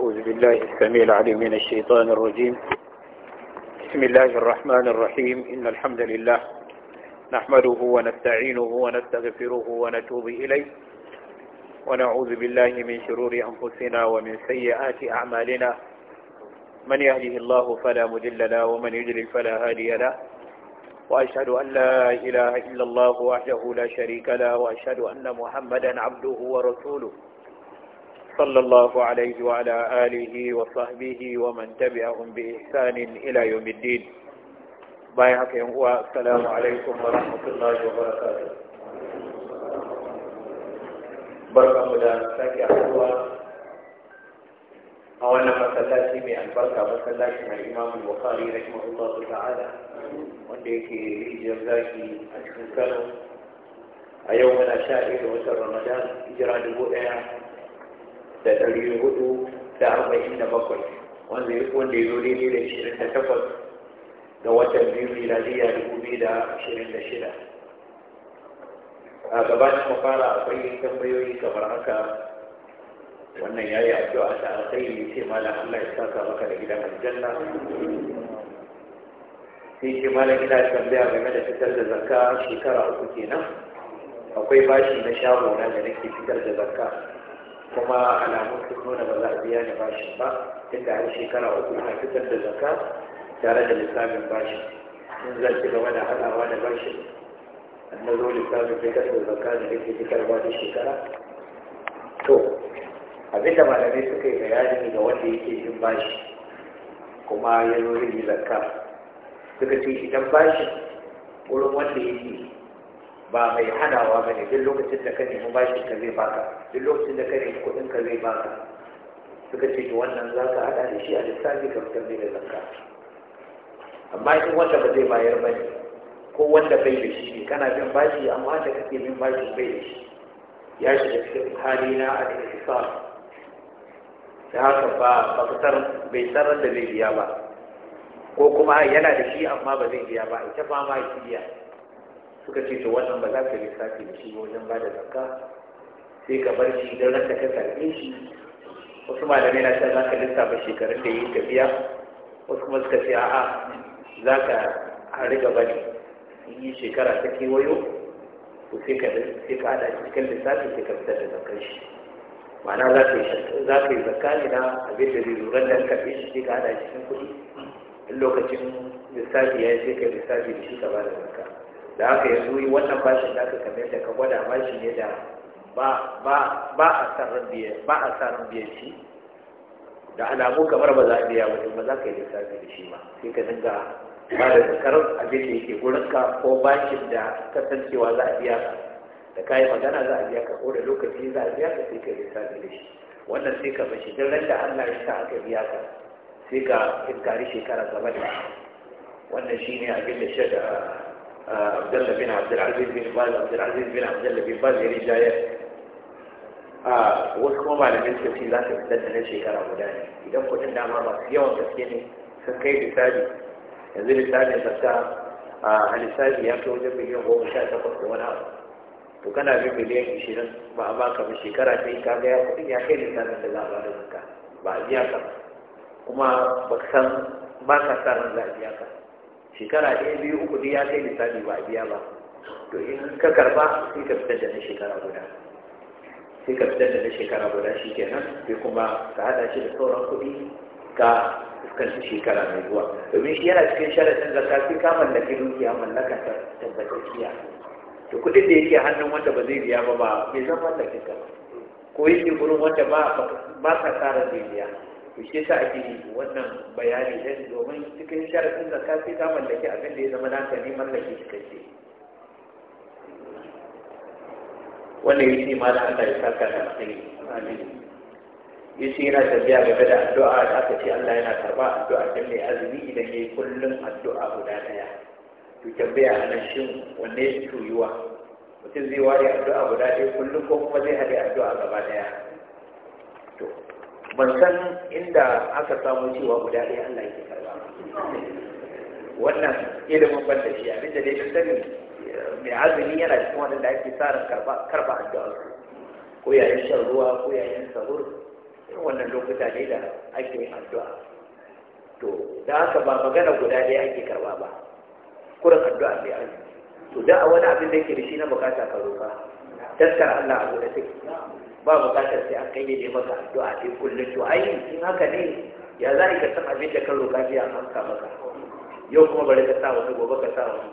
أعوذ بالله السميع العليم من الشيطان الرجيم بسم الله الرحمن الرحيم إن الحمد لله نحمده ونستعينه ونستغفره ونتوب إليه ونعوذ بالله من شرور أنفسنا ومن سيئات أعمالنا من يهده الله فلا مدل له ومن يدلل فلا هادي له وأشهد أن لا إله إلا الله وحده لا شريك له وأشهد أن محمدا عبده ورسوله صلى الله عليه وعلى آله وصحبه ومن تبعهم بإحسان إلى يوم الدين بايعك ينقوى السلام عليكم ورحمة الله وبركاته بركة مدى ساكي أخوة أولا فسلاتي من البركة مسلاتي من الإمام البخاري رحمه الله تعالى وانديكي إجازاكي أشكو كانوا أيومنا شائر وسر رمضان إجراء دبوئة da ɗari hudu da arba'in da bakwai wanda ya wanda ya zo daidai da ishirin da takwas ga watan biyu miladiya dubu biyu da ashirin da shida a gabanin mafara fara akwai tambayoyi kamar haka wannan ya yi addu'a ta alkhairi ce malam Allah ya saka maka da gidan aljanna sai ce malam ina tambaya game da fitar da zakka shekara uku kenan akwai bashi na shago na da nake fitar da zakka kuma alamun sun nuna ba za a biya ni bashin ba tunda har shekara uku ina fitar da zakka tare da lissafin bashin in zan ci gaba da haɗawa da bashin an na zo lissafin fitar da zakka da nake fitarwa da shekara to abin da malamai suka yi bayani ga wanda yake jin bashi kuma ya zo yin zakka suka ce idan bashin wurin wanda yake ba mai hanawa ba ne duk lokacin da ka nemi bashin ka zai baka duk lokacin da ka nemi kuɗin ka zai baka suka ce to wannan za ka haɗa da shi a lissafi ka fitar da zakka amma in wanda ba zai bayar ba ne ko wanda bai da shi ne kana bin bashi amma da kake bin bashi bai da shi ya shiga cikin hali na al-ihsan da haka ba ba tar bai tarar da zai biya ba ko kuma yana da shi amma ba zai biya ba ita ba ma biya suka ce to wannan ba za ka lissafi da shi wajen ba da zakka sai ka bar shi don ranta ka karɓe shi wasu malamai na cewa za ka lissafa shekarun da yi tafiya wasu kuma suka ce a'a za ka riga bari in yi shekara ta kewayo to sai ka sai ka haɗa shi cikin lissafi sai ka fitar da zakkar shi ma'ana za ka yi za ka yi zakka ne na abin da zai lura da fi shi sai ka haɗa shi cikin kuɗi in lokacin lissafi ya yi sai ka lissafi da shi ka ba da zakka da aka yi suyi wannan bashin da aka kamar da ka gwada bashi ne da ba a tsarin biya shi da alamu kamar ba za a biya wani ba za ka yi lissafi da shi ba sai ka dinga ba da tsakarar abin da yake ka, ko bashin da kasancewa za a biya ka da kayi magana za a biya ka ko da lokaci za a biya ka sai ka yi lissafi da shi wannan sai ka bashi don ran da Allah ya sa aka biya ka sai ka inkari shekara gaba da wannan shine abin da shi da عبد الله بن عبد العزيز بن باز عبد العزيز بن عبد الله بن باز a wasu za su fitar da shekara guda ne idan kudin dama masu yawan gaske ne sun kai lissafi yanzu lissafin sassa a lissafi ya kai wajen miliyan goma sha takwas da to kana bin miliyan ishirin ba a baka ba shekara ta yi kaga ya kudin ya kai lissafin da za a biya ka ba ba ka sa ran ka shekara ɗaya biyu uku duk ya kai lissafi ba a biya ba to in ka karba sai ka fitar da na shekara guda sai ka fitar da na shekara guda shi kenan sai kuma ka haɗa shi da sauran kuɗi ka fuskanci shekara mai zuwa domin shi yana cikin sharaɗin zakka sai ka mallaki dukiya mallaka ta tabbatacciya to kuɗin da yake hannun wanda ba zai biya ba ba bai zama mallakin ka ko yake gurin wanda ba ba ka tsara zai biya to ke sa ake wannan bayani dan domin cikin sharadin zakka samun da mallaki abin da ya zama naka ne mallaki shi cikakke? wanda ya ce da Allah ya saka da alheri amin ya ce yana tafiya game da addu'a da aka ce Allah yana karba addu'a dan mai azumi idan yayi kullum addu'a guda daya to tambaya a nan shin wanne ya fi yiwa mutum zai ware addu'a guda ɗaya kullum ko kuma zai haɗe addu'a gaba ɗaya ban san inda aka samu cewa guda ɗaya Allah yake karɓa, wannan ilimin ban da shi abin da dai sani mai azumi yana cikin wanda ake tsarin karɓa addu'a ko yayin shan ruwa ko yayin sahur irin wannan lokuta ne da ake yin addu'a to da haka ba magana guda ɗaya ake karɓa ba kurin addu'a mai azumi to da a wani abin da yake da shi na bukata ka roƙa tattara Allah a gode take ba bukatar sai an kai ne maka addu'a ce kullum to ai in haka ne ya za ka san abin da ka roƙa sai an maka yau kuma bari ka sa wani gobe ka sa wani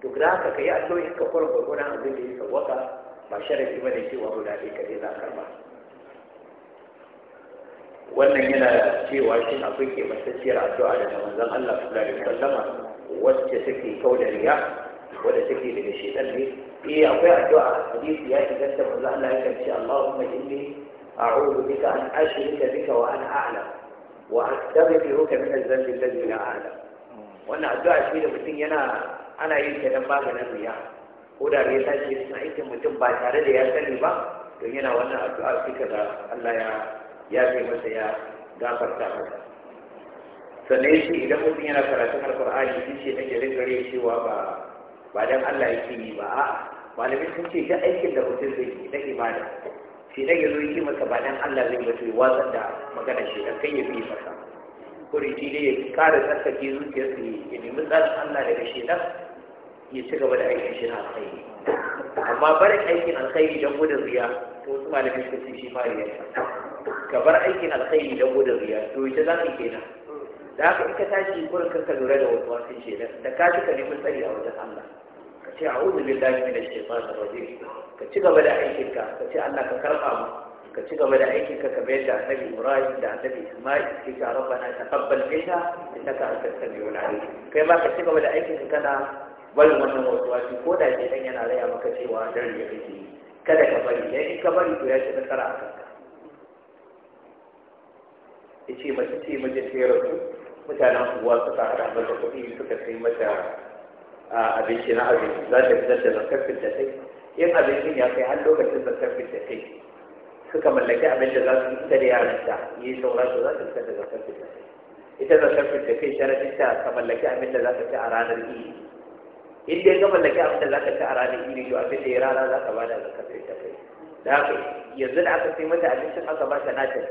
to da haka ka yi addu'a ka kwar gwargwadon abin da ya waka ba sharafi ba ne cewa guda ɗaya ka je za ka ba wannan yana cewa shi akwai ke matacciyar addu'a da manzon Allah sallallahu alaihi wasallama wacce take kauda riya wadda take daga shedan ne eh akwai addu'a hadisi ya shiga ta manzo Allah ya kace Allahumma inni a'udhu bika an ashrika bika wa ana a'lam wa astaghfiruka min adh-dhanbi alladhi la a'lam wannan addu'a shi da mutum yana ana yin ta dan maganin riya ko da riya tashi cikin aikin mutum ba tare da ya sani ba don yana wannan addu'a shi kaza Allah ya ya kai masa ya sannan shi idan mutum yana karatun alqur'ani shi ce dan ya cewa ba ba dan Allah yake yi ba a malamai sun ce duk aikin da mutum zai yi na ibada shi na ya zo yi masa ba dan Allah zai mutu wasa da magana shi dan kai ya bi masa kuri shi ne ya kara zuciyar su ya nemi tsarin Allah daga shi dan ya ci gaba da aikin shi na alkhairi amma barin aikin alkhairi don gudun riya to wasu malamai sun ce shi ma yanzu. ka bar aikin alkhairi don gudun riya to ita za ka kenan da haka in ka tashi gurin kanka lura da wasu wasu shi da ka ji ka nemi tsari a wajen Allah ce a'udhu billahi minash shaitanir rajim ka ci gaba da aikinka ka ce Allah ka karba mu ka ci gaba da aikinka ka kamar da annabi Ibrahim da annabi Ismail suke ta rabbana taqabbal minna innaka antas samiul alim kai ma ka ci gaba da aikinka ka kana barin wannan wasuwaci ko da ke dan yana raya maka cewa dan ya kake kada ka bari dan in ka bari to ya ci tsara a kanka yace mace ce mace ce rasu mutanen uwa suka hada mata kuɗi suka kai mata abinci na abinci za ta fitar da zarkar fita kai yin abincin ya kai har lokacin zarkar fita kai suka mallaki abin da za su fita da ta yi saura su za su fita da zarkar fita kai ita zarkar fita kai sharadin ta ka mallaki abin da za ka ci a ranar idi in dai ka mallaki abin da za ka ci a ranar idi to abin da ya rana za ka ba da zakar fita kai da haka yanzu da aka sai mata abincin aka ba ta nata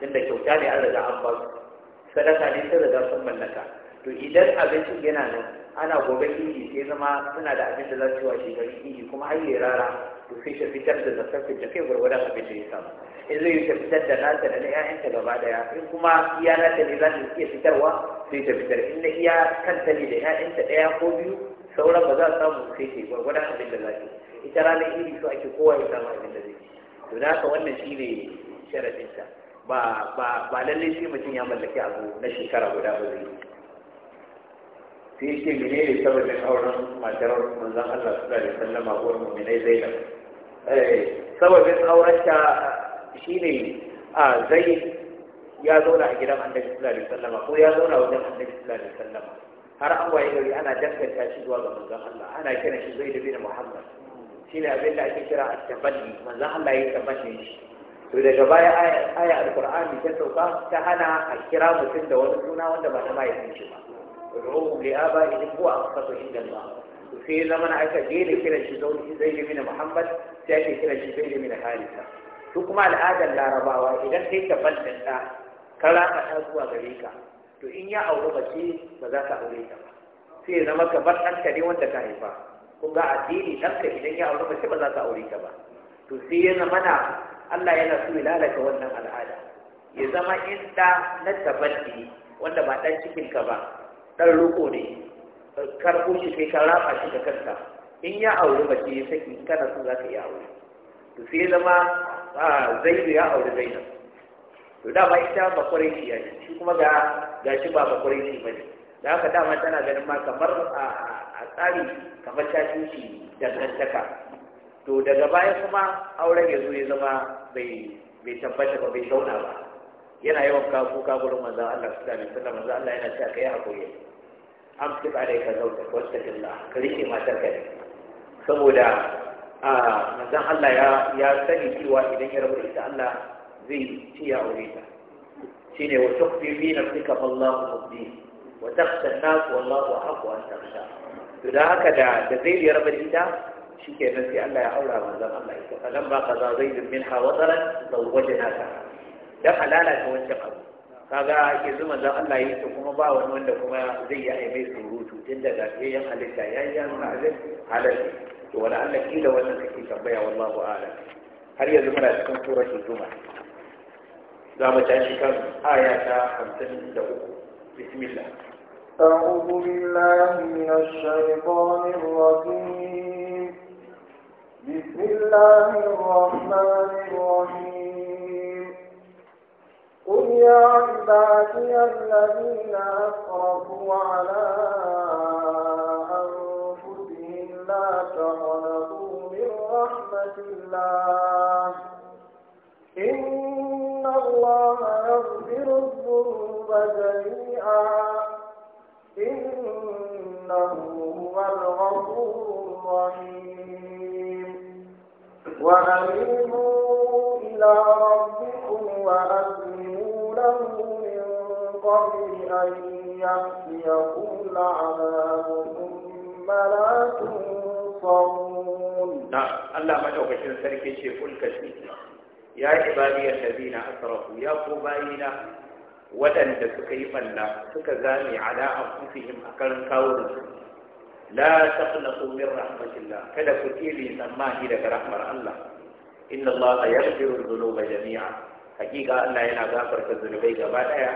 tunda kyauta ne an riga an ba su sadaka ne ta riga sun mallaka to idan abincin yana nan ana gobe idi sai zama suna da abin da za su yi wa shekaru idi kuma har yi rara to sai shi fitar da zakar da kai gwargwadon abin da ya samu in zai yi fitar da nasa da na 'ya'yanta gaba daya in kuma iya nata ne za su iya fitarwa sai ta fitar in iya kanta ne da 'ya'yanta ɗaya ko biyu sauran ba za su samu sai ta gwargwadon abin da za su. ita ranar iri su ake kowa ya samu abin da zai to da haka wannan shi ne sharaɗinta ba ba ba lallai sai mutum ya mallaki abu na shekara guda ba zai yi. sai yake menene sabbin auren matar manzon Allah sallallahu alaihi wasallam uwar mu'minai Zainab eh, sababin auren ta shine a zai ya zauna a gidan annabi sallallahu alaihi wasallam ko ya zauna wajen annabi sallallahu alaihi wasallam har an waye gari ana danganta shi zuwa ga manzon Allah ana kiran shi zai Zaid bin Muhammad shine abin da ake kira at-taballi manzon Allah ya taballi shi to daga baya aya alqur'ani ta sauka ta hana a kira mutum da wani suna wanda ba na mai ba ادعوهم لآبائهم هو أقصد عند الله وفي زمن عكا جيل كلا شزون زيد من محمد سيأتي كلا زيد من حارثة تكما الآدى لا رباوة إذا كيك فلسنا كلا فتنسوا غريكا to in ya auri bace ba za ka aure ta ba sai ya zama kamar ɗanka ne wanda ka haifa kun ga addini ɗanka idan ya auri bace ba za ka aure ta ba to sai ya Allah yana so ya lalata wannan al'ada ya zama in ɗa wanda ba ɗan cikin ka ba ɗan roƙo ne karɓo shi sai ka rafa shi da kanka in ya auri mace ya saki kana so za ka iya aure to sai zama zaidu ya auri zainab to dama ita ba kwarai shi ya ce shi kuma ga gashi ba ba kwarai shi ba ne da haka dama tana ganin ma kamar a tsari kamar ta shi dangantaka to daga baya kuma auren ya zo ya zama bai bai tabbata ba bai zauna ba yana yawan kawo kuka gurin manzon Allah sallallahu alaihi wasallam manzon Allah yana cewa kai hakuri amsik alaika zaujak wattaqillah ka rike matar ka saboda a manzon Allah ya sani cewa idan ya rabu ita Allah zai ci ya aure ta shine wa tuqfi fi nafsika fallahu mubdi wa takhsha an-nas wallahu ahqqu an takhsha to da haka da da zai ya rabu ita nan sai Allah ya aura manzon Allah ita falan ba kaza zaidun minha wataran nasa, don halala ta wancan abu kaga zuma dan Allah yi to kuma ba wani wanda kuma zai yi mai surutu tun da ke yan halitta ya yi yana halali to wala Allah ki da wannan kake tambaya wallahu a'lam har yanzu muna cikin suratul zuma za mu tashi kan aya ta 53 bismillah أعوذ بالله من الشيطان الرجيم بسم الله الرحمن الرحيم قل يا عبادي الذين أسرفوا على أنفسهم لا تقنطوا من رحمة الله إن الله يغفر الذنوب جميعا إنه هو الغفور الرحيم وأنيبوا إلى ربكم وأسلموا له من قبل أن يأتيكم العذاب ثم لا تنصرون نعم الله ما توقع شنو سلك شيء فلك يا عبادي الذين أسرفوا يا قبائنا waɗanda suka yi ɓalla suka zame ala anfusihim a karin kawunansu la taqnatu min rahmatillah kada ku tsire tsammani daga rahmar Allah inna Allah yaghfiru dhunuba jami'a hakika Allah yana gafarta zunubai gaba daya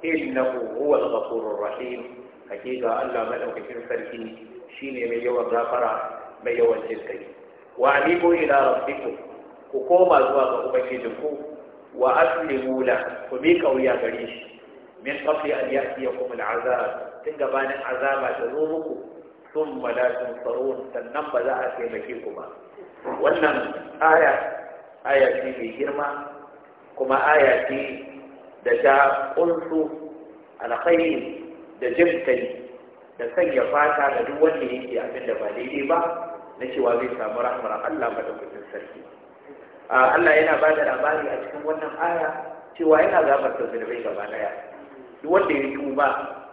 innahu huwal ghafurur rahim hakika Allah madaukakin sarki shine mai yawan gafara mai yawan jin wa anibu ila rabbikum ku koma zuwa ga ubangijinku wa aslimu la ku bi kauya gare shi min qabli an ya'tiyakum al'azab tun gabanin azaba da zo muku thumma la tunsarun sannan ba za a taimake ku ba wannan aya aya ce mai girma kuma aya ce da ta ƙunsu alkhairi da jinkai da sanya fata da duk wanda yake abin da ba daidai ba na cewa zai samu rahmar Allah madaukakin sarki Allah yana ba da labari a cikin wannan aya cewa yana gafarta zunubai gaba daya duk wanda ya tuba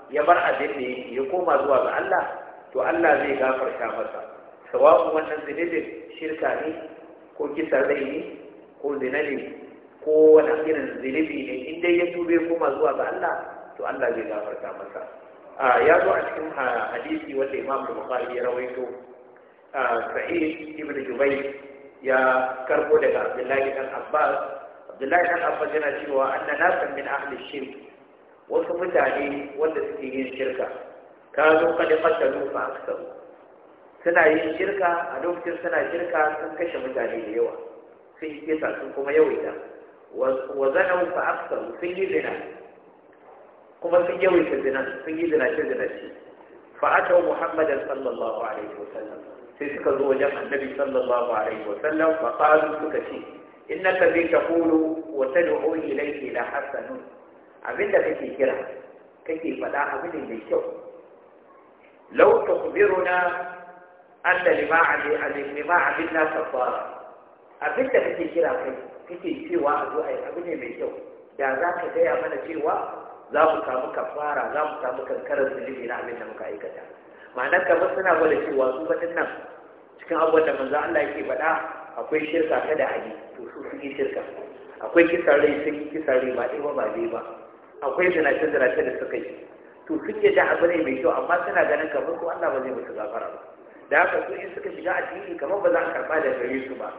ya bar abin da yake ya koma zuwa ga Allah to Allah zai gafarta masa sawa'u wannan zunubin shirka ne ko kisa zai ne ko zina ne ko wani irin zunubi ne in dai ya tube kuma zuwa ga Allah to Allah zai gafarta masa ya zo a cikin hadisi wanda Imam Bukhari ya rawaito Sa'id ibn Jubayr ya karbo daga Abdullahi dan Abbas Abdullahi dan Abbas yana cewa anna nasan min ahli shirk wasu mutane wanda suke yin shirka kanu da qatalu fa aksaru suna yin shirka a lokacin suna shirka sun kashe mutane da yawa sun yi kesa sun kuma yawaita wazanau fa aftar sun yi zina kuma sun yawai ta zina sun yi zina shi zina shi fa aka wa muhammadin sallallahu alaihi wa sallam sai suka zo wajen annabi sallallahu alaihi wa sallam fa qalu suka ce innaka bi taqulu wa tad'u ilayhi la hasanun abinda kake kira kake faɗa abin da kyau law tukhbiruna anna lima ali ali lima abinna abinda kake kira kai kake cewa a zo a yi abu ne mai kyau da za ka gaya mana cewa za mu samu kafara za mu samu kankarar zunubi na abin da muka aikata ma'ana kamar suna gwada cewa su baɗin nan cikin abubuwan da manzo Allah yake faɗa akwai shirka ta da yi to su sun yi shirka akwai kisan rai sun yi kisan rai ba ɗaya ba ba akwai zinace zinace da suka yi to suke da abu ne mai kyau amma suna ganin kamar ko Allah ba zai musu gafara ba da haka su in suka shiga addini kamar ba za a karɓa da gare su ba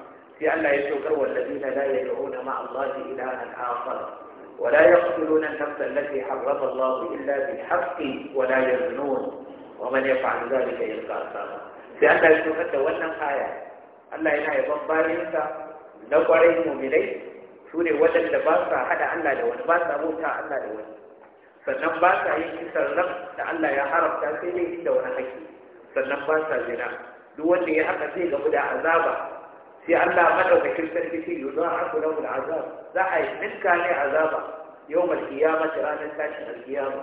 لئلا ألا يشكر والذين لا يدعون مع الله إلها آخر ولا يقتلون النفس التي حرم الله إلا بالحق ولا يزنون ومن يفعل ذلك يلقى أثاما لئلا ألا يشكر تولى آية ألا ينا يبقى ينسى نقرأ مؤمنين سوري ودن لباسا حدا ألا لون باسا موتا ألا لون sannan ba sa yin kisan ran da Allah ya haramta sai dai inda wani haƙƙi sannan ba sa zina duk wanda ya haka zai gamu da azaba في أن لا مدرد كرسل كثير يضاحك له العذاب ضحي منك عليه عذابه يوم القيامة تران الساشن القيامة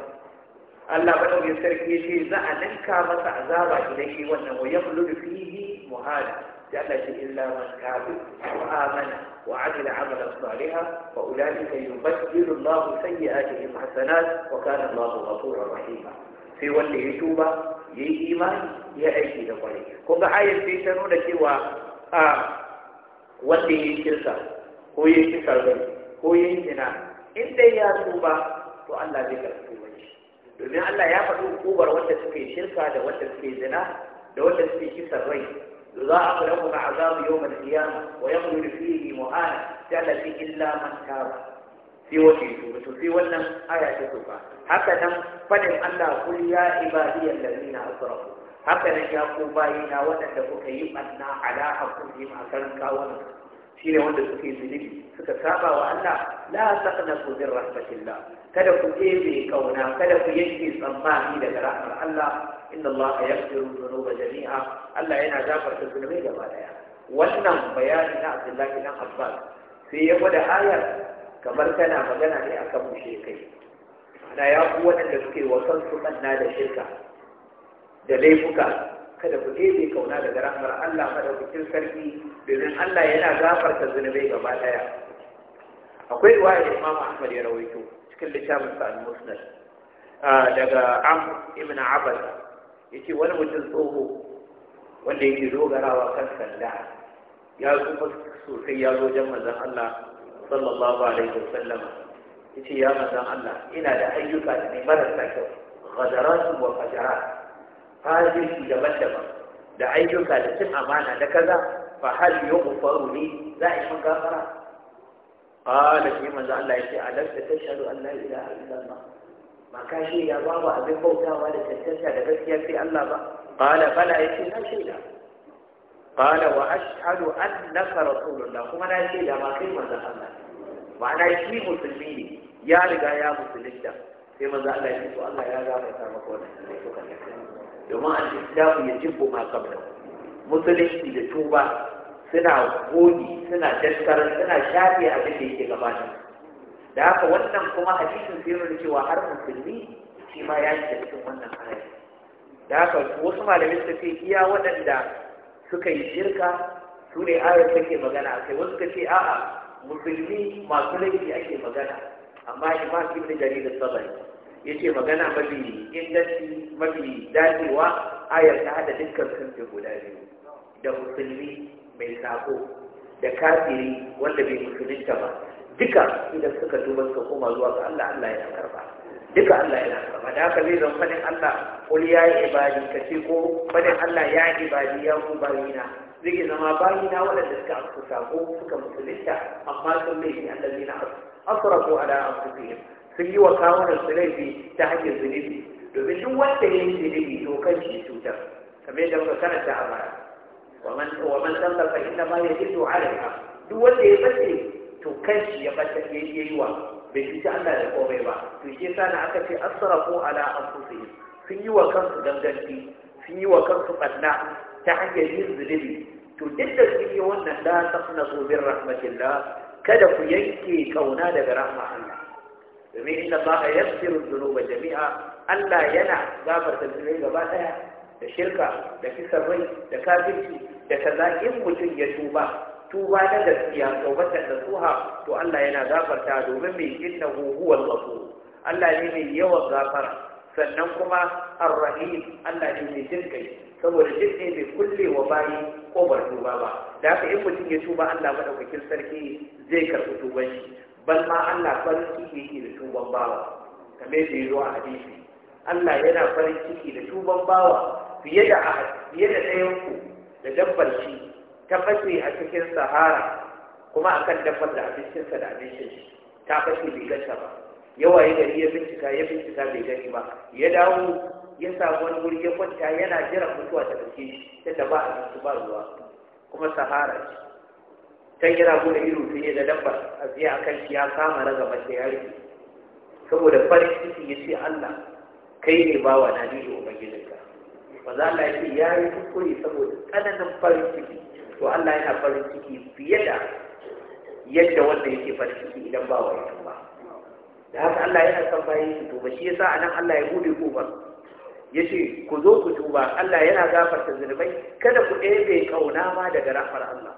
أن لا مدرد كرسل كثير ضع منك مس عذابه إليه وأنه يغلل فيه مهالا جلت إلا من كابل وآمن وعدل عمل أصدارها فأولئك يبدل الله سيئاته المحسنات وكان الله غفورا رحيما في وله توبة يأيمان يأيشي لقليه كما حيث في سنونك و wanda ya yi kirka ko ya yi karbai ko ya yi jina, in dai ya tuba to Allah zai karɓi tubanci domin Allah ya faɗi hukumar wanda suke shirka da wanda suka zina da wanda suka yi kisan rai يضاعف لهم عذاب يوم القيامة ويخلد فيه مهانا جل في إلا من تاب في وجه توبته في ولم آية توبة هكذا فلم أن قل يا عبادي الذين أسرفوا haka nan ya ko bayina waɗanda kuka yi ɓanna ala yi a kan kawon shi ne wanda suka yi zunubi suka saba wa Allah la saqna ku bin rahmatillah kada ku ɗebe kauna kada ku yanke tsammani daga rahmar Allah inna Allah yaghfiru dhunuba jami'a Allah yana gafarta zunubai gaba daya wannan bayani na Abdullahi bin Abbas sai ya gwada ayar kamar tana magana ne akan mushrikai ana ya ku waɗanda suke wasan su kanna da shirka da laifuka kada ku ɗebe kauna daga rahmar Allah madaukakin sarki domin Allah yana gafarta zunubai gaba ɗaya akwai riwaya da Imam Ahmad ya rawaito cikin littafin sa al-Musnad daga Amr ibn Abbas yace wani mutum tsoho wanda yake dogarawa kan sanda ya tsufa sosai ya zo wajen manzon Allah sallallahu alaihi wasallam yace ya manzon Allah ina da ayyuka da ne marasa kyau ghadaratu wa fajarat fahimci daban-daban da ayyuka da cin amana da kaza fa hal yughfaru li za a yi gafara qala shi manzo Allah yace ta tashhadu an la ilaha illa Allah ma ka shi ya ba wa abin bautawa da tantance da gaskiya sai Allah ba qala bala ce na shaida qala wa ashhadu annaka rasulullah kuma na shaida ma kai manzo Allah ma'ana shi musulmi ne ya riga ya musulunta sai manzo Allah ya ce to Allah ya gafarta maka wannan sai kuka ne domin al ya yajibu ma qabla musulunci da tuba suna goge suna daskar suna shafe abin da yake gabata. da haka wannan kuma hadisin sai nuna cewa har musulmi shi ma ya shiga cikin wannan ayar da haka wasu malami suka ce iya waɗanda suka yi shirka su ne ayar take magana sai wasu suka ce a'a musulmi masu laifi ake magana amma imam ibn jarir sabai yace magana mafi inganci mafi dacewa ayar ta hada dukkan kanta guda biyu da musulmi mai sako da kafiri wanda bai musulunta ba duka idan suka tuba suka koma zuwa ga Allah Allah yana karba duka Allah yana karba da haka zai zan fadin Allah kul ya ibadi kace ko fadin Allah ya ibadi ya ku bayina zai zama bayina waɗanda suka amsa sako suka musulunta amma sun laifi na asrafu ala anfusihim sun yi wa kawunan su laifi ta hanyar zunubi domin duk wanda ya yi zunubi to kan shi cutar kamar yadda muka karanta a baya wa man dalla fa inna ma yajidu alaiha duk wanda ya bace to kan shi ya bace ya yi wa bai cuci Allah da komai ba to shi yasa na aka ce asrafu ala anfusihim sun yi wa kansu ganganci sun yi wa kansu ɓanna ta hanyar yin zunubi to duk da sun yi wannan la taqnatu min rahmatillah kada ku yanke kauna daga rahmar Allah domin inna ba a yassiru zunuba jami'a Allah yana gafarta zunubai gaba daya da shirka da kisar rai da kafirci da kaza in mutum ya tuba tuba na gaskiya taubatar da suha to Allah yana gafarta domin mai innahu huwal ghafur Allah ne mai yawan gafara sannan kuma ar-rahim Allah ne mai jin kai saboda jin ne bai kulle wa bayi ko bar tuba ba da haka in mutum ya tuba Allah madaukakin sarki zai karɓi tuban shi bal ma Allah farin ciki yake da tuban bawa kamar da zo a hadisi Allah yana farin ciki da tuban bawa fiye da fiye da ɗayan ku da dabbar shi ta fashe a cikin sahara kuma akan dabbar da abincinsa da abincin shi ta fashe bai gasa ba yawa ya gari ya bincika ya bincika bai gani ba ya dawo ya samu wani wuri ya kwanta yana jiran mutuwa ta ɗauke shi tunda ba abinci ba ruwa kuma sahara ce kai yana gudu ido sai ya da dabba a tsaye a kan shi ya kama gaba sai ya rike saboda farin ciki ya ce Allah kai ne bawa na ni da ubangijinka ba za Allah ya ce ya yi kuskure saboda tsananin farin ciki to Allah yana farin ciki fiye da yadda wanda yake farin ciki idan ba wa yakan ba da haka Allah yana son bayan shi to ba shi yasa anan Allah ya bude ba ya ce ku zo ku tuba Allah yana gafarta zunubai kada ku ɗebe kauna ma daga rafar Allah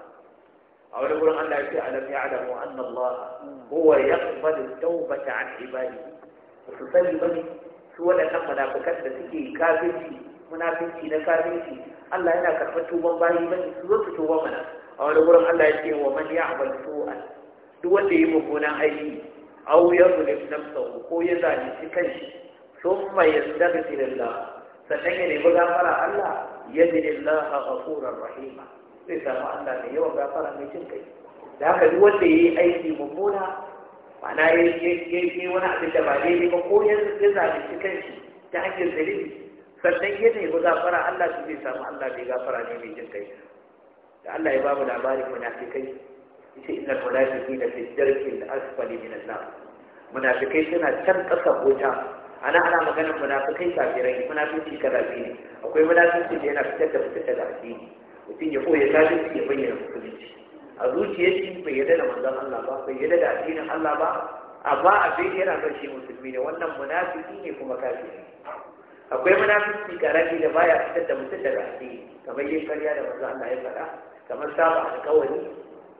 أو نقول أن لا شيء ألم يعلموا أن الله هو يقبل التوبة عن عباده وتصلي بني سوى لأن منافقات تسكي كافرتي منافقتي نكافرتي الله هنا كرفت توبا باهي بني سوى توبا منا أو نقول أن لا شيء ومن يعمل سوءا دون يمكن أي أو يظلم نفسه هو يزعل سكنش ثم يستغفر الله فسنجد بغفر الله يجد الله غفورا رحيما zai samu Allah mai yawan gafara mai jin kai da haka duk wanda yi aiki mummuna ma'ana yi wani abin da ba daidai ba ko ya kan shi ta hanyar dalili sannan ya nemi gafara Allah su zai samu Allah mai gafara ne mai jin kai da Allah ya ba mu labarin munafikai yace innal munafiqina fi darkil asfali min an-nar munafikai suna can ƙasa wuta ana ana maganar munafikai kafirai munafiki kaza ne akwai munafiki da yana fitar da fitar da addini mutum ya koya tashi ya bayyana musulunci a zuciyar shi bai yarda da manzan Allah ba bai yarda da addinin Allah ba amma a bai yana son shi musulmi ne wannan munafiki ne kuma kafi akwai munafiki karami da baya fitar da mutum daga addini kamar yin karya da manzan Allah ya faɗa kamar saba alƙawari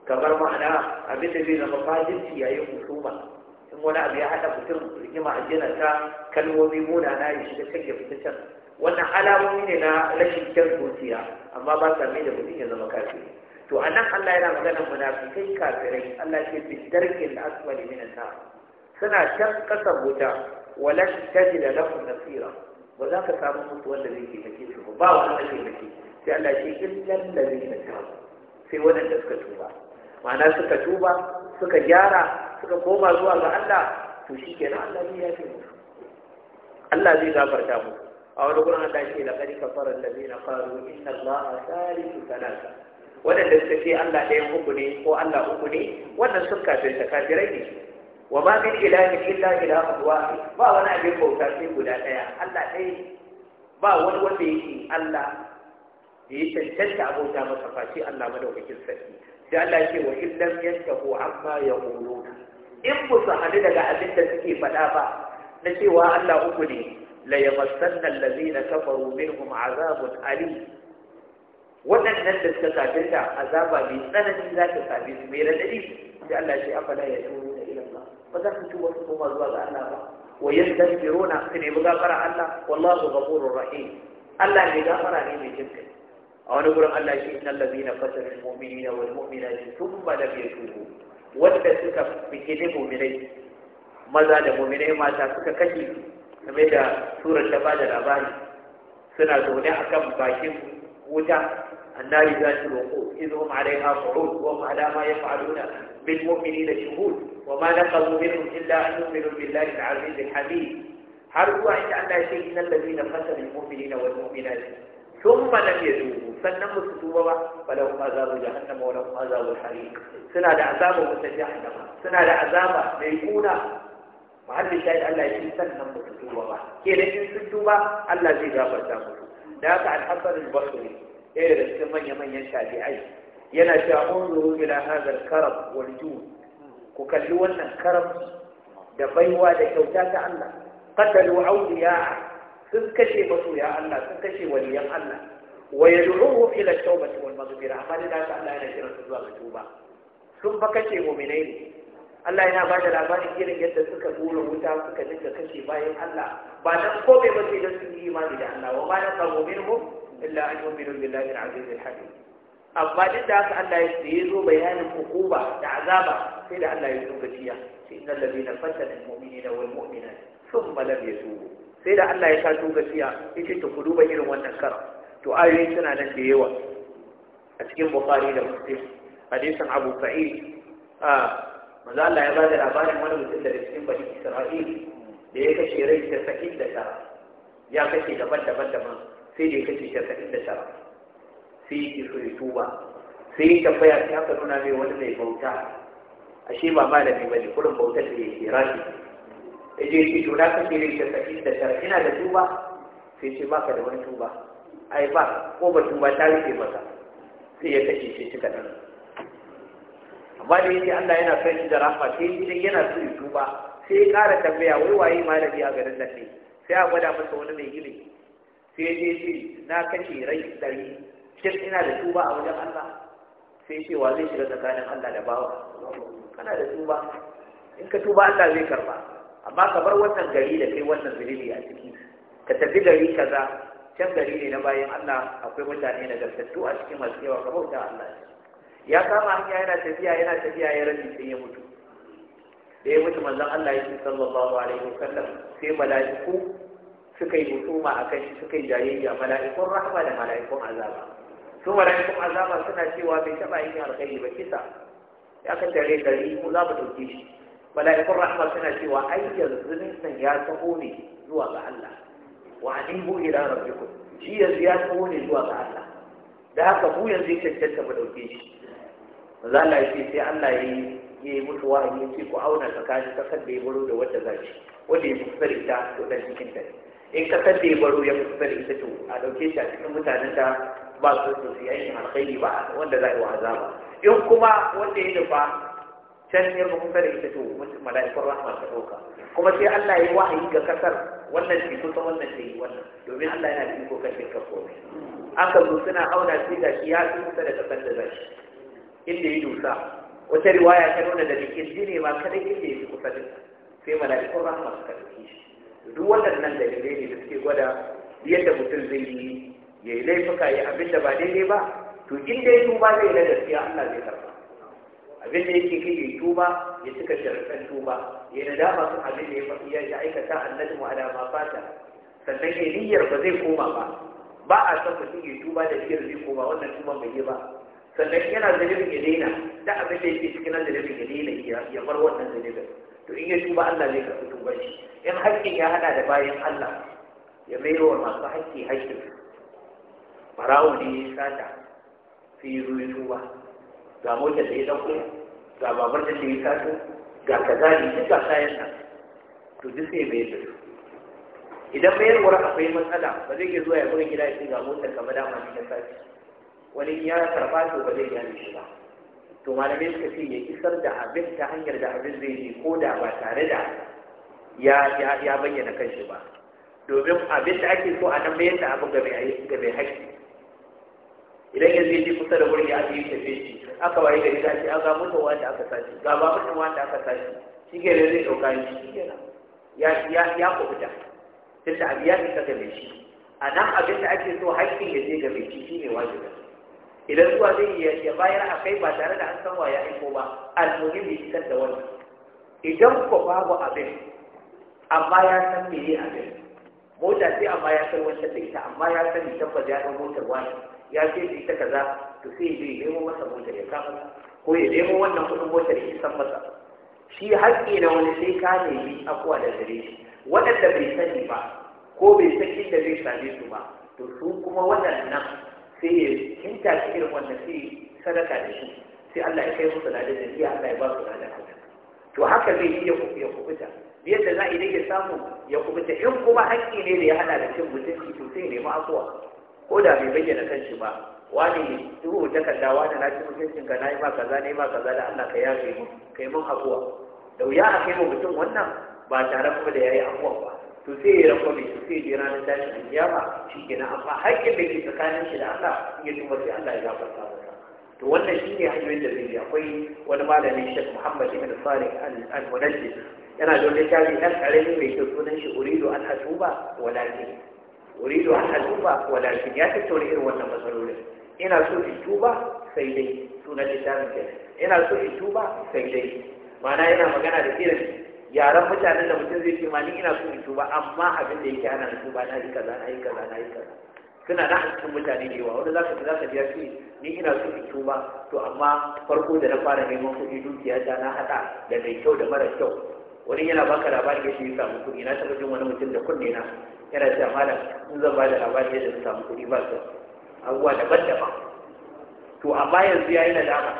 kamar ma'ana abin da zai zama fajinci yayin husuma in wani abu ya haɗa mutum rigima a ta kalmomi munana ya shiga kan ya fita can wannan alamomi ne na rashin kyan zuciya amma ba sa mai da mutum ya zama kafi. to a nan Allah yana magana munafikai kafirai Allah ce bi darkin asfali min ta suna can kasa wuta da lafi na tsira. ba za ka samu mutu wanda zai taimake su ba wanda zai taimake sai Allah ce zai ladina tabu sai wadanda suka tuba ma'ana suka tuba suka gyara suka koma zuwa ga Allah to kenan Allah zai yafe musu Allah zai gafarta musu a wani gurin Allah ce laqad kafara allazina qalu inna allaha salisu thalatha wadanda suka ce Allah ɗayan uku ne ko Allah uku ne wannan sun kafirta kafirai ne wa ma min ilahin illa ilahun wahid ba wani abin bauta sai guda ɗaya Allah ɗaya ba wani wanda yake Allah da ya cancanta abota masa face Allah madaukakin sarki sai Allah ya ce wa illam yantahu amma yaquluna in ku su hadu daga abin da suke faɗa ba na cewa Allah uku ne layamassanna allazina kafaru minhum azabun alim waɗannan da suka kafin da azaba mai tsanani za ta same su mai radadi sai Allah ya ce afala ya turu da ilan ba ba za su tuba su koma zuwa ga Allah ba wa yastaghfiruna su nemi gafara Allah wallahu ghafurur rahim Allah ne gafara ne mai jin kai a wani gurin Allah shi innal ladina qatalu al-mu'minina wal mu'minati thumma lam yatubu wanda suka fitine mu'minai maza da mu'minai mata suka kashe game da turar ta bada labari suna zaune a kan bakin wuta annari za su roƙo izu hum alaiha qu'ud wa hum ala ma da bil mu'minina shuhud wa ma naqamu minhum illa an yu'minu billahi al-'aziz al-hamid har zuwa inda Allah ya ce innal ladina fasalu mu'minina wal mu'minati thumma lam yatubu sannan musu tuba ba za azabu jahannam wa lahum azabu al-hariq suna da azabu mutajahannama suna da azaba mai kuna mahallin shayi Allah ya ce sannan ba su tuba ba ke da in sun duba, Allah zai gafarta musu da haka al-hasan al-basri ɗaya da cikin manya-manyan shafi'ai yana cewa unzuru ila hadha al-karam wal ku kalli wannan karam da baiwa da kyauta ta Allah qatalu awliya sun kashe masoya Allah sun kashe waliyan Allah wa yad'uhu ila tawbati wal maghfirah amma da Allah yana kiransu zuwa ga tuba sun fa kashe mu'minai Allah yana ba da labarin irin yadda suka bura wuta suka dinga kashe bayan Allah ba dan kome ba sai da sun yi imani da Allah wa ma naqamu minhum illa an yu'minu billahi al-aziz al-hakim amma duk da haka Allah ya zo bayanin hukuma da azaba sai da Allah ya zo gaciya sai innal ladina fatana al-mu'minina wal mu'minat thumma lam yatubu sai da Allah ya sa to gaciya yace to ku duba irin wannan kara to ayoyi suna nan da yawa a cikin bukhari da muslim hadisin abu sa'id ah, manzo Allah ya ba da labarin wani mutum da cikin bani Isra'il da ya kashe rai ta sakin da tara ya kashe daban-daban daban sai da ya kashe ta sakin da tara sai ya so ya tuba sai ya tambaya sai aka nuna mai wani mai bauta ashe ba malami bane kurin bautar da yake rashi ya je ce to ka kashe rai ta sakin da tara ina da tuba sai ce baka da wani tuba ai ba ko ba tuba ta rike maka sai ya kashe shi cika nan. amma da yake Allah yana son shi da rahma sai idan yana so ya tuba sai ya ƙara tambaya wai waye malami a garin nan ne sai a gwada masa wani mai gini sai ya ce na kashe rai ɗari cikin ina da tuba a wajen Allah sai ce wa zai shiga tsakanin Allah da bawa kana da tuba in ka tuba Allah zai karba amma ka bar wannan gari da kai wannan zulubi a ciki ka tafi gari kaza can gari ne na bayan Allah akwai mutane na gaskatu a cikin masu yawa ka bauta Allah ne ya kama hanya yana tafiya yana tafiya ya rabi sai ya mutu da ya mutu manzon Allah yake sallallahu alaihi wasallam sai mala'iku suka yi husuma a kan shi suka yi jayayya mala'ikun rahama da mala'ikun azaba su mala'ikun azaba suna cewa bai taba yin alkhairi ba kisa ya kan tare da ri mu za mu dauke shi mala'ikun rahama suna cewa ai yanzu nan ya taho ne zuwa ga Allah wa anibu ila rabbikum shi yanzu ya taho ne zuwa ga Allah da haka mu yanzu ya cancanta mu dauke shi maza Allah shi sai Allah ya yi ya yi mutu wahayi ya ce ku auna tsakanin kasar da ya baro da wadda za shi wanda ya kusa da ita to ɗan cikin ta in ka kasar da ya baro ya kusa da ita to a dauke shi a cikin mutanen ta ba su so su yi alkhairi ba wanda za a yi wa azaba in kuma wanda ya nufa can ya kusa da ita to mala'ikun rahama ta ɗauka, kuma sai Allah ya yi wahayi ga kasar wannan shi kusa wannan shi wannan domin Allah yana da iko kan dukkan komai aka zo suna auna sai shi ya kusa da kasar da za shi inda ya dusa wata riwaya ta nuna da jikin jini ma kada inda ya fi kusa da sai mala'ikun rahama su ɗauki shi duk waɗannan dalilai ne da suke gwada yadda mutum zai yi ya yi laifuka ya abin da ba daidai ba to inda ya tuba zai na gaskiya Allah zai karba abin da yake kai ya tuba ya cika sharaɗan tuba ya nadama su abin da ya faɗi ya aikata annabi mu ala ma fata sannan ya niyyar ba zai koma ba ba a san mutum ya tuba da niyyar zai koma wannan tuban bai yi ba sannan yana zanibin ya daina da abin da yake cikin nan zanibin ya daina ya bar wannan zanibin to in ya tuba Allah zai karɓi tubar shi in haƙƙin ya haɗa da bayan Allah ya mairo wa masu haƙƙi haƙƙin farawo ne ya sata sai ya zo ya tuba ga motar da ya ɗauko ga babar da yi sato ga kaza ne duk ga kayan nan to duk sai mai da idan mayarwar akwai matsala ba zai ke zuwa ya kuma gida ya ce ga motar kamar dama ne na sati wani ya karɓa su ba zai gane shi ba to malamai suka ce ya isar da abin ta hanyar da abin zai yi ko da ba tare da ya bayyana kanshi ba domin abin da ake so a nan bayan da abin ga mai haƙƙi idan ya zai kusa da wurin ya ake yi tafe shi aka waye gari ta ce an ah, ga mutum wanda aka sashi ga ba mutum wanda aka sa shi ke zai ɗauka shi shi kenan ya ya kubuta tunda abu ya isa ga mai shi a nan abin da ake so haƙƙin ya je ga mai shi shi ne wajibin idan zuwa zai ya bayar a kai ba tare da an san wa ya aiko ba almuhim bai isar da wannan idan ko babu abin amma ya san me yi abin mota sai amma ya san wancan da ita amma ya san ita ba ya san motar wani ya ce da ita kaza to sai ya je nemo masa motar ya kama ko ya nemo wannan kuɗin motar ya san masa shi haƙƙi na wani sai ka nemi afuwa da gare shi waɗanda bai sani ba ko bai san inda zai same su ba to su kuma waɗannan sai ya shi irin wanda sai sadaka da shi sai Allah ya kai musu ladan da iya Allah ya ba su ladan to haka zai yi ya kuɓuta kubuta yadda za a yi samu ya kubuta in kuma hakki ne da ya hada da cin mutunci to sai nemi afuwa ko da bai bayyana kanshi ba wani duhu da kalla wani na ci mutuncin ka na yi ma kaza ne ma kaza da Allah ka yafe mu kai mun afuwa da wuya a kai mu mutum wannan ba tare kuma da yayi afuwa ba to sai ya rafa mai sai ya ranar tashin kiyama shi kenan amma haƙƙin da ke tsakanin shi da Allah ya tuba sai Allah ya gafarta masa to wannan shi ne hanyoyin da zai akwai wani malami Sheikh Muhammad ibn Salih al-Munajjid yana da wani tarihi dan karami mai kyau sunan shi uridu an hatuba walakin uridu an hatuba walakin ya tattauna irin wannan matsalolin ina so in tuba sai dai sunan littafin kenan ina so in tuba sai dai ma'ana yana magana da irin yaran mutanen da mutum zai ce ma ni ina so in tuba amma abin da yake ana tuba na yi kaza na yi kaza na yi kaza suna na hakkin mutane da yawa wanda za ka za ka biya shi ni ina so in tuba to amma farko da na fara neman kuɗi dukiya ta na haɗa da mai kyau da mara kyau wani yana baka labari ya shi samu kuɗi na taɓa jin wani mutum da kunne na yana cewa malam in zan ba da labari yadda na samu kuɗi ba su abubuwa daban-daban to amma yanzu ya yi nadama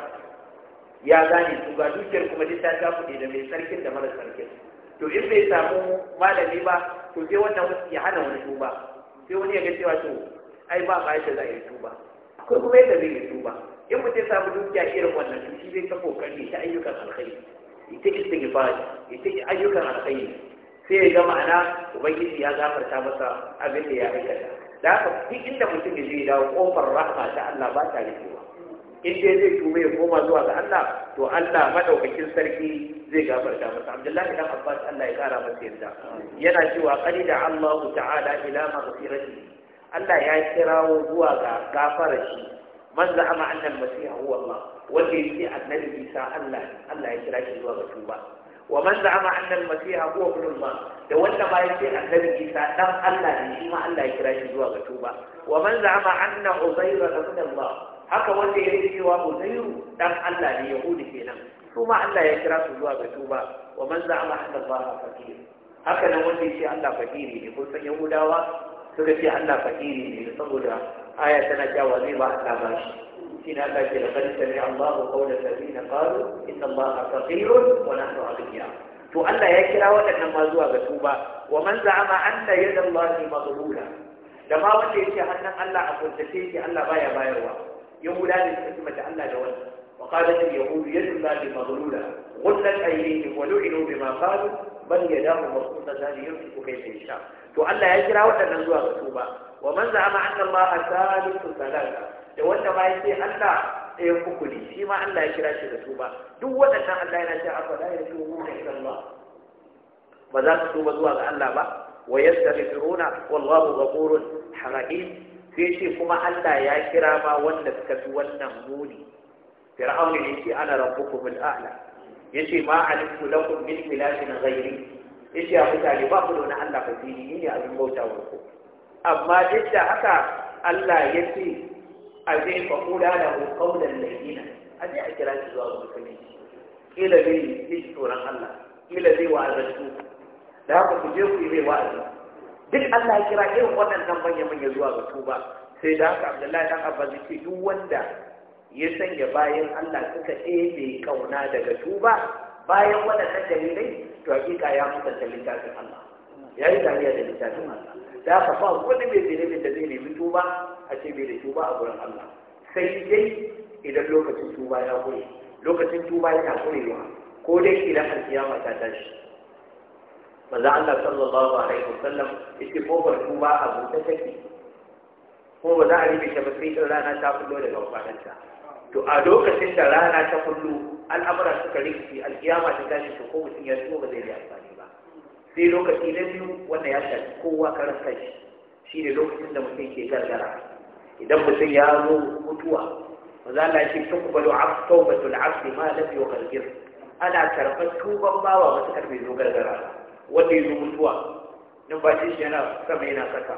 ya gane su ga dukiyar kuma duk ta kuɗi da mai sarkin da mara sarkin to in bai samu malami ba to sai wannan ya hana wani tuba sai wani ya ga cewa to ai ba ma yadda za a yi tuba ko kuma yadda zai yi tuba in mutum ya samu dukiya irin wannan to shi zai ta kokari ta ayyukan alkhairi ita istighfar ita ayyukan alkhairi sai ya ga ma'ana ubangiji ya gafarta masa abin da ya aikata da haka duk inda mutum ya je dawo kofar rahma ta Allah ba ta rufe in dai zai tuba ya koma zuwa ga Allah to Allah madaukakin sarki zai gafarta masa Abdullahi dan Abbas Allah ya kara masa yarda yana cewa qalida Allah ta'ala ila maghfirati Allah ya kirawo zuwa ga gafarar shi man za'ama anna al-masih huwa Allah wanda yake annabi Isa Allah Allah ya kira shi zuwa ga tuba wa man za'ama anna al-masiha huwa ibn Allah da wanda ba yake annabi Isa dan Allah ne shi ma Allah ya kira shi zuwa ga tuba wa man za'ama anna Uzair ibn Allah haka wanda ya yake cewa Uzair dan Allah ne Yahudi kenan su ma Allah ya kira su zuwa ga tuba wa man za'ama anna Allah fakir haka nan wanda yake Allah fakiri ne kun san Yahudawa suka ce Allah fakiri ne saboda aya tana cewa zai ba Allah bashi shine Allah ke laqad sami Allahu qawla alladhina qalu inna Allaha faqirun wa nahnu aghniya to Allah ya kira waɗannan ma zuwa ga tuba wa man za'ama anna yada Allahi maghlula da ma wanda yake hannun Allah a kuntace shi Allah baya bayarwa guda ne suka kimanta Allah da wannan wa qalat al-yahud yadu Allahi maghlula ghullat aydihim wa lu'inu bima qalu bal yadahu mabsuutatan yunfiqu kayfa yasha to Allah ya kira waɗannan zuwa ga tuba wa man za'ama anna Allaha thalithu thalatha da wanda ma yake Allah ɗaya uku ne shi ma Allah ya kira shi da tuba duk waɗannan Allah yana cewa afa la yatubuna ila Allah ba za su tuba zuwa ga Allah ba wa yastaghfiruna wallahu ghafurun rahim sai ce kuma Allah ya kira ma wanda suka fi wannan muni fir'auna ne ce ana rabbukum al'ala yace ma alimtu lakum min ilahin ghairi yace a mutane ba ku da wani Allah ba ni ne abin bauta wa ku amma duk da haka Allah ya ce a zai faƙula da hukaunan laifina a zai a kira shi zuwa ga musulunci ƙila zai yi shi tsoron Allah ƙila zai wa'azantu da haka ku je ku yi mai wa'azi duk Allah ya kira irin waɗannan manya-manya zuwa ga tuba sai da haka Abdullahi dan Abbas ce duk wanda ya sanya bayan Allah suka ɗebe kauna daga tuba bayan waɗannan dalilai to hakika ya da littafin Allah ya yi tariya da littafin Allah da haka ba wani mai zai da zai nemi tuba a ce bai da tuba a gurin Allah sai dai idan lokacin tuba ya kure lokacin tuba yana kurewa ko dai idan alkiyama ta tashi maza Allah sallallahu alaihi wasallam yace kofar tuba a ta take ko ba za a rufe ta ba sai in rana ta kullo daga kwananta to a lokacin da rana ta kullo al'amura suka rikici alkiyama ta tashi to ko mutum ya tuba ba zai yi amfani ba sai lokaci na biyu wanda ya shafi kowa karan kai shi ne lokacin da mutum ke gargara idan mutum ya zo mutuwa ba za na shi tukbalu taubatul abdi ma wa yughargir ana karɓar tuban bawa matuƙar karfe zo gargara wanda ya zo mutuwa ba shi yana sama yana kasa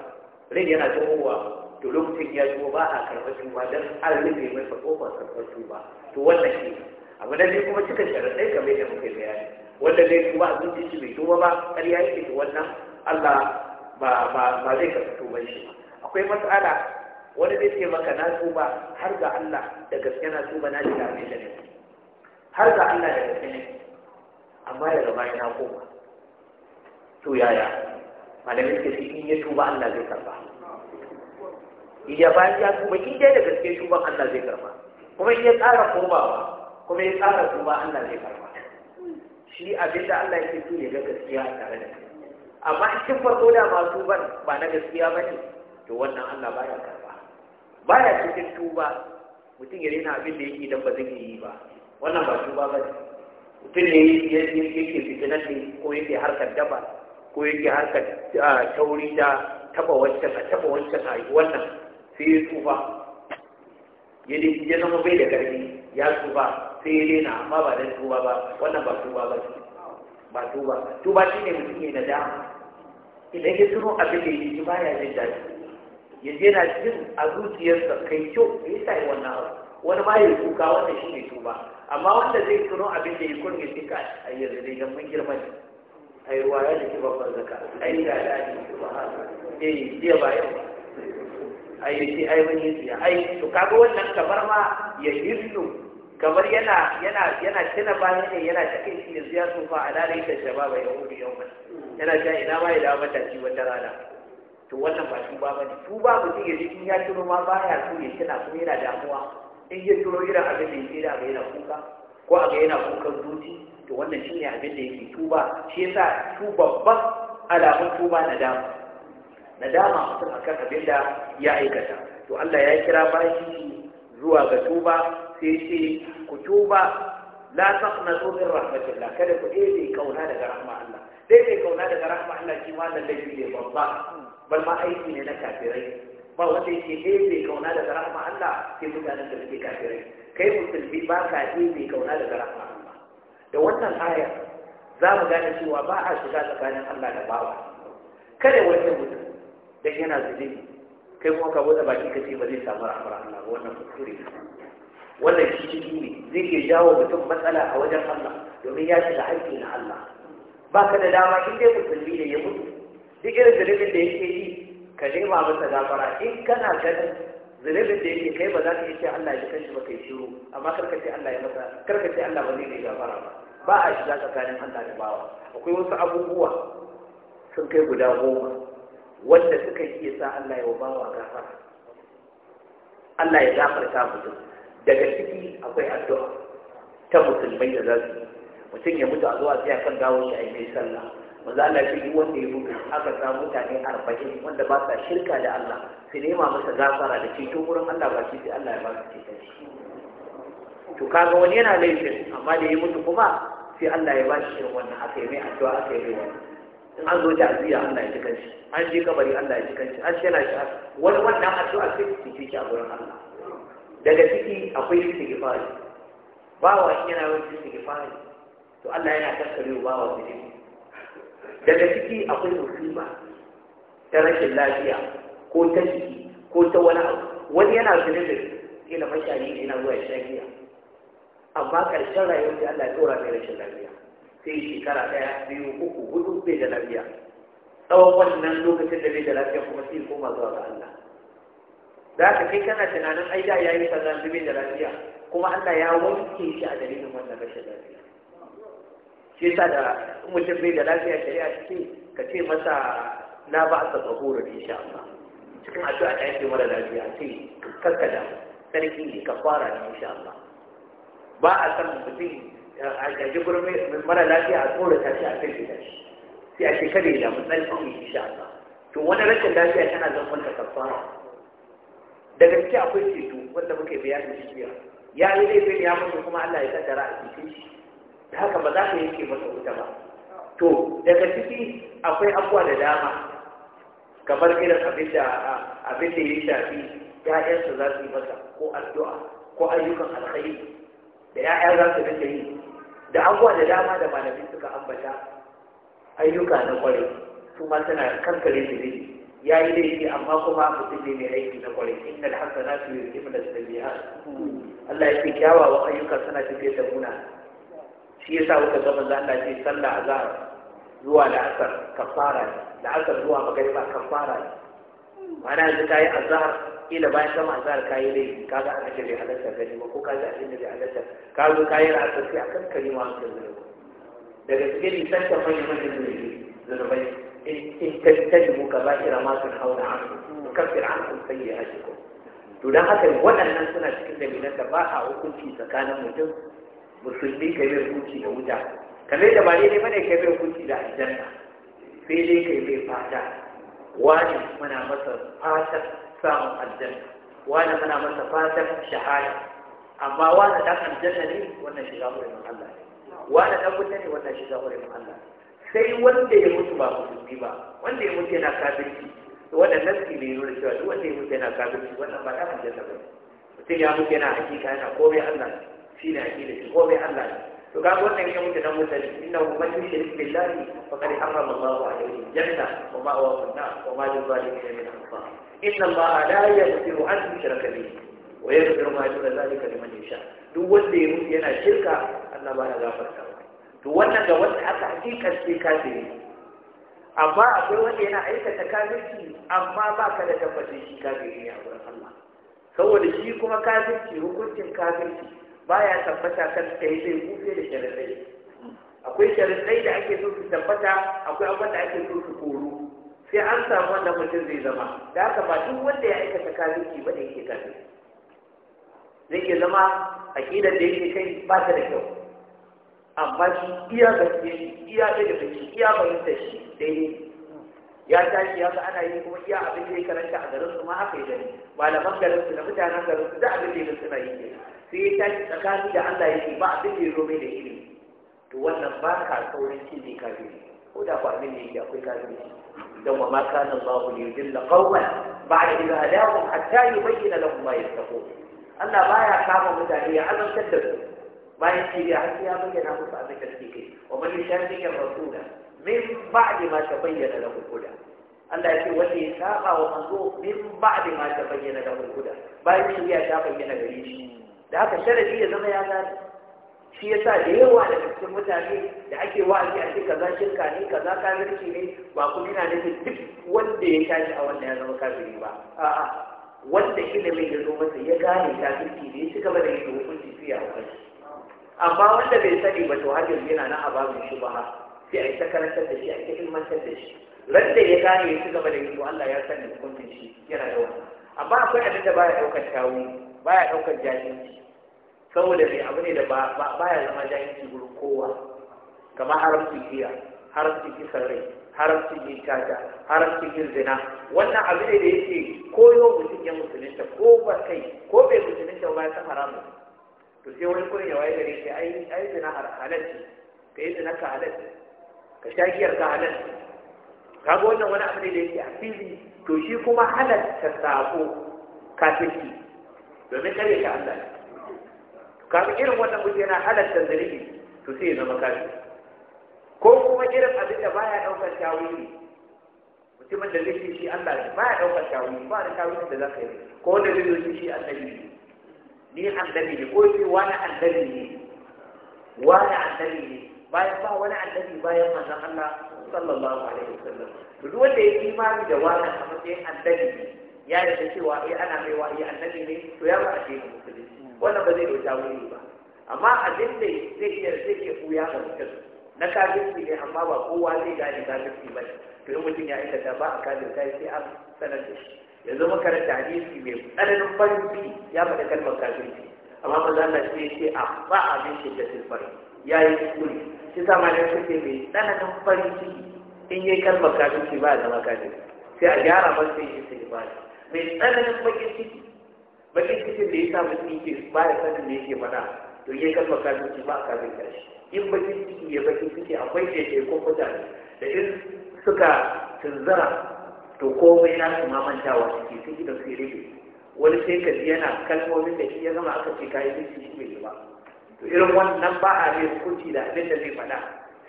rai yana tsohuwa to lokacin ya zo ba a karɓar tuba don an rufe mai kofar karɓar tuba to wannan shi abu na zai kuma cika sharaɗai kamar yadda muka bayani wanda zai tuba a zuci shi bai tuba ba har ya yake wannan Allah ba zai karɓi tuban shi ba akwai matsala wani zai ce maka na tuba har ga Allah da gaske na tuba na jira abin da ne har ga Allah da gaske ne amma ya gaba na koma to yaya malami ke in ya tuba Allah zai karba ya bayan ya tuba in dai da gaske tuban Allah zai karba kuma in ya tsara komawa kuma ya tsara tuba Allah zai karba shi abin da Allah yake so ya ga gaskiya tare da shi amma in farko da masu ban ba na gaskiya bane to wannan Allah baya karba ba ya cikin tuba mutum ya rena abin da yake idan ba zai yi ba wannan ba tuba ba ne mutum ne yake fitinan ne ko yake harkar daba ko yake harkar tauri da taba wancan a taba wancan a wannan sai ya tuba ya zama bai da ƙarfi ya tuba sai ya rena amma ba dan tuba ba wannan ba tuba ba ne ba tuba tuba shine mutum ne na dama idan ya tuno abin da yake ba ya jin daɗi ya je na jin a zuciyarsa kai kyau me yasa yi wannan abu wani ma ya kuka wannan shi ne tuba amma wanda zai tuno abin da ya kurge shi ka a yanzu dai dan mun girma ne yi ruwa ya ji babban zaka ai da da ji subhana yi eh, jiya ba yau ai sai ai mun yi ai to kaga wannan kamar ma ya yi su kamar yana yana yana tuna baya ne yana cikin shi yanzu ya tsufa a lalai da shababa ya hudu yau yana ta ina ma ya dawo matashi wata rana to wannan ba tuba ba ne. tuba mutum ya cikin ya turo ma baya so ya tana so yana damuwa in ya turo irin abin da yake da abin yana kuka ko abin yana kukan zuci to wannan shine abin da yake tuba shi yasa tuba babban alamun tuba na dama na dama mutum akan abin da ya aikata to Allah ya kira bayan zuwa ga tuba sai ce ku tuba la taqnatu min rahmatillah kada ku dai kauna daga rahma Allah dai kauna daga rahma Allah shi ma lallai ne babba bal ma aiki ne na kafirai ba wanda yake ɗebe kauna daga rahama Allah sai mutanen da suke kafirai kai musulmi ba ka ɗebe kauna daga rahama Allah da wannan aya za mu gane cewa ba a shiga tsakanin Allah da bawa kada wani mutum dan yana zunubi kai kuma ka bude baki ka ce ba zai samu rahamar Allah ba wannan kuskure wannan shi ne zai iya jawo mutum matsala a wajen Allah domin ya shiga haƙƙi na Allah ba ka da dama in dai musulmi ne ya mutu cikin zunubin da yake yi ka nema masa gafara in kana ganin zunubin da yake kai ba za ka yi ce Allah ya kanshi ba kai shiru amma karka ce Allah ya masa karka ce Allah ba zai yi gafara ba ba a shiga tsakanin Allah da bawa akwai wasu abubuwa sun kai guda goma wanda suka iya sa Allah ya wa bawa gafara Allah ya gafarta mutum daga ciki akwai addu'a ta musulmai da za su mutum ya mutu a zuwa sai a kan gawo shi a yi mai sallah maza Allah shi wanda ya buga aka sa mutane arba'in wanda ba sa shirka da Allah su nema masa gafara da ceto wurin Allah ba shi sai Allah ya ba su ceto to kaga wani yana laifin amma da ya mutu kuma sai Allah ya ba shi shirin wannan aka yi mai addu'a aka yi mai wannan in an zo ta'aziyya Allah ya ji kanshi, an je kabari Allah ya ji kanshi, an shela shi wani wannan addu'a sai su ci a wurin Allah daga ciki akwai fari, bawa in yana yawan fari, to Allah yana kankare bawa su daga ciki akwai musulma ta rashin lafiya ko ta ciki ko ta wani abu wani yana zunubin kila mashayi ne yana zuwa ya shagiya amma ƙarshen rayuwar da Allah ya tsora mai rashin lafiya sai shekara ɗaya biyu uku hudu bai da lafiya tsawon wannan lokacin da bai da lafiya kuma sai koma zuwa ga Allah za ka kai kana tunanin ai da yayi kaza bai da lafiya kuma Allah ya wanke shi a dalilin wannan rashin lafiya shi yasa da mutum bai da lafiya shari'a cikin, ka ce masa na ba ka tsahuru da insha Allah cikin addu'a ta yake mara lafiya ce karka da sarki ne ka fara da insha Allah ba a san mutum eh, a gaji gurin mara lafiya a tsoro ta shi a kai da shi sai a shekara da mun dan tsaki insha Allah to wani rashin lafiya tana zama ka fara. da gaske akwai ceto wanda muke bayanin shi ya yi laifin ya mutu kuma Allah ya kaddara a cikin shi da haka ba za ka yanke masa wuta ba to daga ciki akwai abuwa da dama kamar irin abin da abin da ya shafi ‘ya'yansa za su yi masa ko addu'a ko ayyukan alkhairi da ‘ya'ya za su rinka yi da abuwa da dama da malami suka ambata ayyuka na kwarai su ma tana kankare su ne ya yi laifi amma kuma mutum ne mai aiki na kwarai in da hasa na su yi rikimin da su hmm. da biya Allah ya ce kyawawan ayyuka suna tafiyar da muna shi yasa muka ga manzo Allah ce sallah azhar zuwa la'asar kafara ne la'asar zuwa magariba kafara ne ma'ana yanzu kayi azhar kila bayan gama azhar yi laifi Ka an ce bai halarta gani ba ko ka abin da bai halarta ka zo ka yi la'asar sai akan ma an ka zuwa daga cikin lisanta manyan manyan zunubai in muka ka ba'ira ma sun hauna an kafir an kun sayi a shi ko to don haka waɗannan suna cikin dalilan da ba a hukunci tsakanin mutum musulmi kai mai hukunci da wuta kamar da ba ne bane kai mai hukunci da aljanna sai dai kai mai fata wani muna masa fatan samun aljanna wani muna masa fatan shahada amma wani dan aljanna ne wannan shiga wurin Allah wani dan wuta ne wannan shiga wurin Allah sai wanda ya mutu ba musulmi ba wanda ya mutu yana kafirci wannan nasi ne nuna cewa duk wanda ya mutu yana kafirci wannan ba dan aljanna ba mutum ya mutu yana hakika yana komai Allah ne shi ne aƙida ko bai Allah ne to ga wannan ya mutu dan mutane inna hu man yushrik billahi faqad harrama Allahu alayhi janna wa ma'wa an-nar wa ma lil zalimin min ansar inna Allaha la yaghfiru an yushraka bihi wa yaghfiru ma duna zalika liman yasha duk wanda ya mutu yana shirka Allah ba ya gafarta to wannan ga wanda aka ka kafiri amma akwai wanda yana aikata kafirci amma ba ka da tabbacin shi kafiri ne a wurin Allah saboda shi kuma kafirci hukuncin kafirci baya tabbata kan ta yi zai kufe da sharaɗai akwai sharaɗai da ake so su tabbata akwai abin da ake so su koro sai an samu wannan mutum zai zama da haka ba duk wanda ya aikata kafirci ba da yake kafin zai ke zama aƙidar da yake kai ba ta da kyau amma shi iya gaske shi iya ɗaya da shi iya fahimtar shi daidai ya tashi ya ga ana yi kuma iya abin da ya karanta a garin su ma haka ya gani malaman garin su da mutanen garin su da abin da ya suna yi ne sai ya tashi tsakanin da Allah yake ba abin da ya zo mai da ilimi to wannan ba ka saurin cin ne kafiri ko da ku abin da yake akwai kafiri dan wa ma kana Allahu li yudilla qauman ba'da idha hadahum hatta yubayyana lahum ma yattaqun Allah baya kama mutane ya azantar da su bayan shirya har sai ya bayyana musu abin da suke kai wa man ya rasula min ba'di ma tabayyana lahu huda Allah ya ce wanda ya saba wa manzo min ba'di ma tabayyana lahu huda bayan ya ta bayyana gare shi da haka sharadi ya zama ya gane shi yasa da yawa da cikin mutane da ake wa'azi a cikin kaza shirka ne kaza kafirci ne ba kuma yana da duk wanda ya tashi a wannan ya zama kafiri ba a'a wanda ilimin ya zo masa ya gane kafirci ne ya ci gaba da yin hukunci fiye a wani amma wanda bai sani ba to hajjar yana na ababin shubaha sai a yi ta karantar da shi a cikin mantar da shi ran da ya gane ya ci gaba da yi to Allah ya sani hukuncin shi yana da wani amma akwai abin da baya ɗaukar tawi baya ɗaukar jahilci saboda mai abu ne da baya zama jahilci gurin kowa kamar haramcin giya haramcin kisan rai haramcin yin caca haramcin yin zina wannan abu ne da yake ko yau mutum ya musulunta ko ba kai ko bai musulunta ba ya san haramun to sai wani kurin ya waye gare shi ai zina halalci ka yi zina ka halalci ka sha giyar ka halal ga wannan wani abu ne da yake a fili to shi kuma ta sako kafirki domin kare ka Allah ga irin wannan mutum yana halatta zalimi to sai ya zama kafir ko kuma irin abin da baya daukar tawili mutumin da zai shi Allah ne baya daukar tawili ba da tawili da zaka yi ko wanda zai yi shi annabi ne ni annabi ne ko shi wani annabi ne wani annabi ne bayan ba wani annabi bayan manzon Allah sallallahu alaihi wasallam to duk wanda ya imani da wannan a matsayin annabi ya yarda cewa eh ana mai wa'i annabi ne to ya ba a addinin musulunci wannan ba zai dauka wuri ba amma abin da zai iya zai ke kuya ga mutum na kafirci ne amma ba kowa zai gane kafirci ba to in mutum ya aikata ba a kafir kai sai an sanar da shi yanzu makaranta hadisi mai tsananin farin ya faɗi kalmar kafirci amma maza za sai ya ce a ba abin shi da tilfarin ya yi kuskure shi sa ma ne suke mai tsananin farin ciki in yi kalmar kafirci ba a zama kafin, sai a gyara masa yi istighfar mai tsananin bakin ciki bakin cikin da ya sa mutum yake ba ya sanin da yake faɗa to yi kalmar kafirci ba a kafin shi in bakin ciki ya bakin ciki akwai da ke ko mutane da in suka tunzara to komai na su ma mantawa suke sun da su rage wani sai ka ji yana kalmomin da shi ya zama aka ce kayan mutum shi mai ba to irin wannan ba a yin kuci da abin da zai faɗa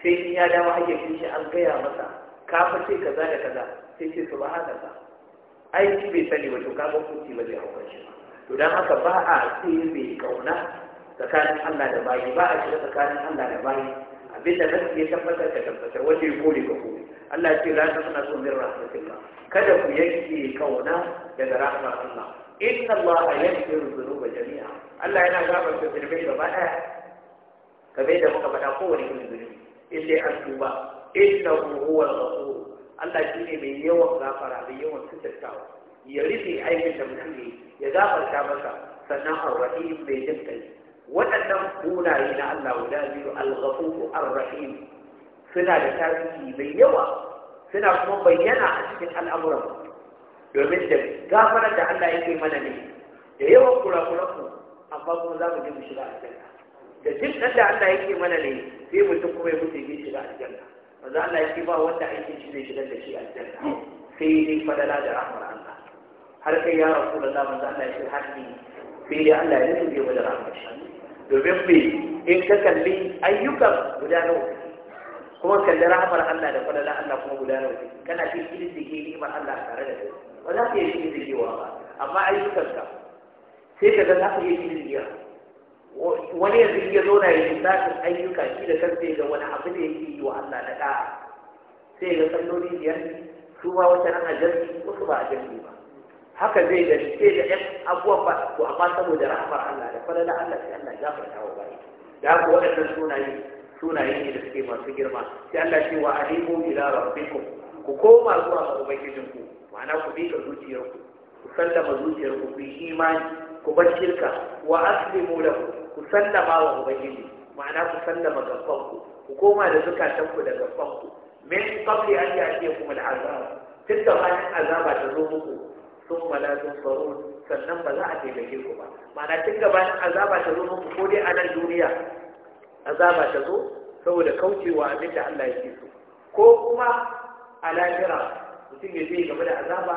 sai in ya dawo fi shi an gaya masa ka fa kaza da kaza sai ce su ba subhanallah ai shi bai sani ba to ka ba kuci ba zai hauka shi to dan haka ba a mai kauna tsakanin Allah da bayi ba a shiga tsakanin Allah da bayi abinda zan iya tabbatar ka tabbatar wanda ya gode ka kore Allah ya ce la tasna sun min rahmatillah kada ku yanke kauna daga rahmar Allah inna allaha yaghfiru dhunuba jami'a Allah yana da zunubai gaba daya kamar da muka faɗa kowane irin zunubi in dai an tuba innahu huwal ghafur Allah shine mai yawan gafara mai yawan sitartawa ya rufe aikin da mutum ne ya gafarta masa sannan ar-rahim mai jin kai waɗannan sunaye na Allah guda biyu al-ghafur suna da tarihi mai yawa suna kuma bayyana a cikin al'amuran domin da gafarar da Allah yake mana ne da yawan kurakuranmu amma kuma za mu ji mu shiga aljanna da jin da Allah yake mana ne sai mutum kuma ya mutu ya shiga aljanna maza Allah yake ba wanda aikin shi zai shigar da shi aljanna sai dai fadala da rahmar Allah har kai ya rasu da zaman da Allah yake hannu sai dai Allah ya nufi wa da rahmar shi domin me in ka kalli ayyukan guda nawa kuma kalli rahmar Allah da fadala Allah kuma guda nawa kana cikin ilimin da ke ni'imar Allah tare da kai ba za ka iya girgizewa ba amma ayyukanka sai ka ga za ka iya girgiya wani yanzu iya zauna ya yi zafin ayyuka shi da sai ga wani abu da yake yi wa Allah na ɗa sai ga salloli biyar su ba wata nan a jirgi wasu ba a jirgi ba haka zai da sai da ɗan abubuwan ba to amma saboda rahmar Allah da falala Allah sai Allah ya farka wa bai da haka waɗannan sunaye sunaye ne da suke masu girma sai Allah ce wa alimu ila rabbikum ku koma zuwa ga ubangijinku ma'ana ku bi ka zuciyarku ku sallama zuciyarku ku yi imani ku bar shirka wa aslimu lahu ku sallama wa ubangiji ma'ana ku sallama gafanku ku koma da zukatanku da gafanku min qabli an ya'tiyakum al'azab tun da bayan azaba ta zo muku sun mala sun faru sannan ba za a taimake ku ba ma'ana tun da bayan azaba ta zo muku ko dai a nan duniya azaba ta zo saboda kaucewa abinda Allah ya ke so ko kuma a lahira mutum ya zai game da azaba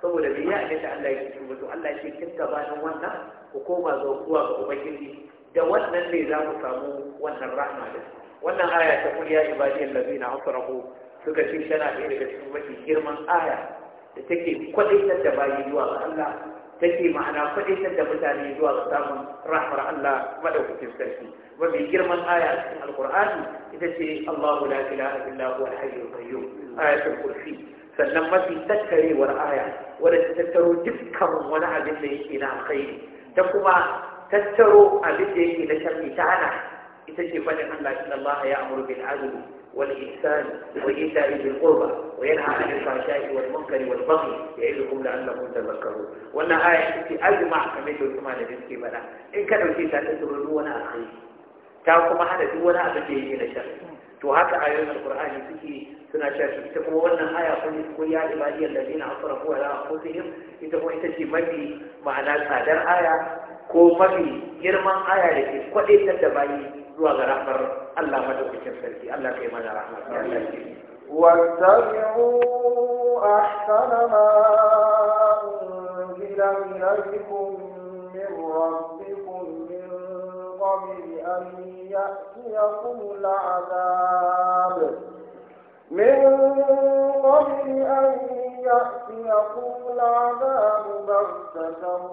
saboda bai yi abin Allah ya ce ba to Allah ce kin gabanin wannan ku koma zo zuwa ga ubangiji da wannan ne za mu samu wannan rahma da wannan aya ta kul ya ibadi allazina asrafu suka ce tana ɗaya daga cikin mafi girman aya da take kwadaitar da bayi zuwa ga Allah take ma'ana kwadaitar da mutane zuwa ga samun rahmar Allah madaukakin sarki mafi girman aya a cikin alqur'ani ita ce Allahu la ilaha illa huwa al-hayyul qayyum ayatul kursi sannan mafi tattarewar aya wadda ta tattaro dukkan wani abin da yake na alkhairi ta kuma tattaro abin da yake na sharri ta hana ita ce fadin Allah sallallahu ya amuru bil adl wal ihsan wa ita'i bil qurba wa yanha 'anil fahsha'i wal munkari wal baghi ya'idukum la'allakum tadhakkarun wannan aya ita ce ajma kamar da kuma da suke bada in ka dauke ta tattaro duk wani alkhairi ta kuma hada duk wani abin da yake na sharri to haka ayoyin alqur'ani suke suna sha shi ita kuma wannan aya kun kun ya ibadiyal ladina asrafu ala anfusihim ita kuma ita ce mafi ma'ana tsadar aya ko mafi girman aya da ke kwadaitar da bayi zuwa ga rahmar Allah madaukakin sarki Allah kai mana rahma ya sarki واتبعوا أحسن ما أنزل إليكم من ربكم من قبل أن يأتيكم العذاب من قبل أن يأتيكم العذاب بغتة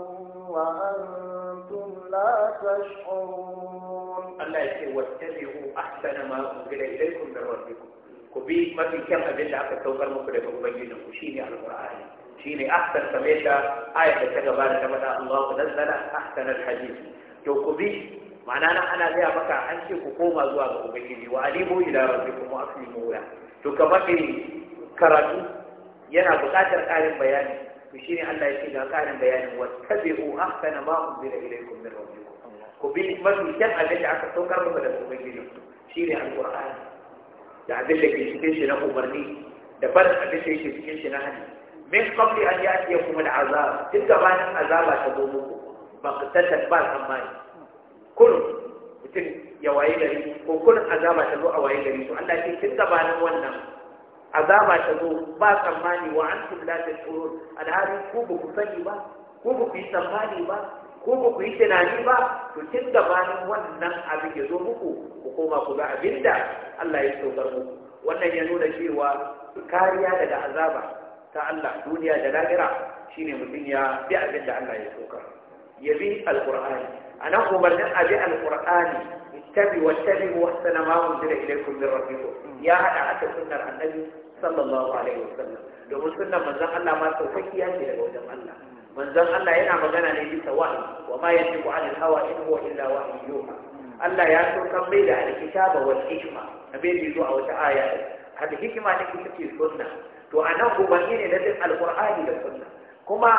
وأنتم لا تشعرون الله يقول واتبعوا أحسن ما أنزل إليكم من ربكم كبي ما في كم أدلة حتى توصل مكرة وبينكم شيني على القرآن شيني أحسن سميتها آية تجبان كما الله نزل أحسن الحديث تو كبي ma'ana أنا ana gaya maka an ce ku koma إلى ربكم ubangiji wa alimu to kamar irin karatu yana buƙatar ƙarin bayani to shine Allah ya ce ga ƙarin bayani wa tabi'u ahsana ma unzila ilaykum min rabbikum ku bi mafi kyan abin da aka saukar muku su? ubangiji shine alqur'ani da abin da ke cikin shi na umarni da barin abin da yake cikin shi na hali min qabli an ya'tiyakum al'azab tun gabanin azaba ta zo muku ba ku tattabba tsammani kullum mutum ya waye gari ko kun azaba ta zo a waye gari to Allah ke kin gabanin wannan azaba ta zo ba tsammani wa antum la tashurun alhali ko ba ku sani ba ko ba ku yi tsammani ba ko ba ku yi tunani ba to kin gabanin wannan abin ya zo muku ku koma ku ga abinda Allah ya saukar muku wannan ya nuna cewa kariya daga azaba ta Allah duniya da lahira shine mutum ya bi abinda Allah ya saukar ya bi alqur'ani أنا أمرنا أبي القرآن اتبعوا واتبعوا واحسن ما أنزل إليكم من ربكم يا هذا أتى سنة النبي صلى الله عليه وسلم domin sunnan manzon Allah ma saukakkiya ce daga wajen Allah manzon Allah yana magana ne bisa wahayi wa ma yantiqu anil hawa in huwa illa wahyu Allah ya saukar mai da alkitaba wal hikma abin zuwa wata aya al hikima ne kuma ce sunna to anan ubangi ne na din alqur'ani da sunna kuma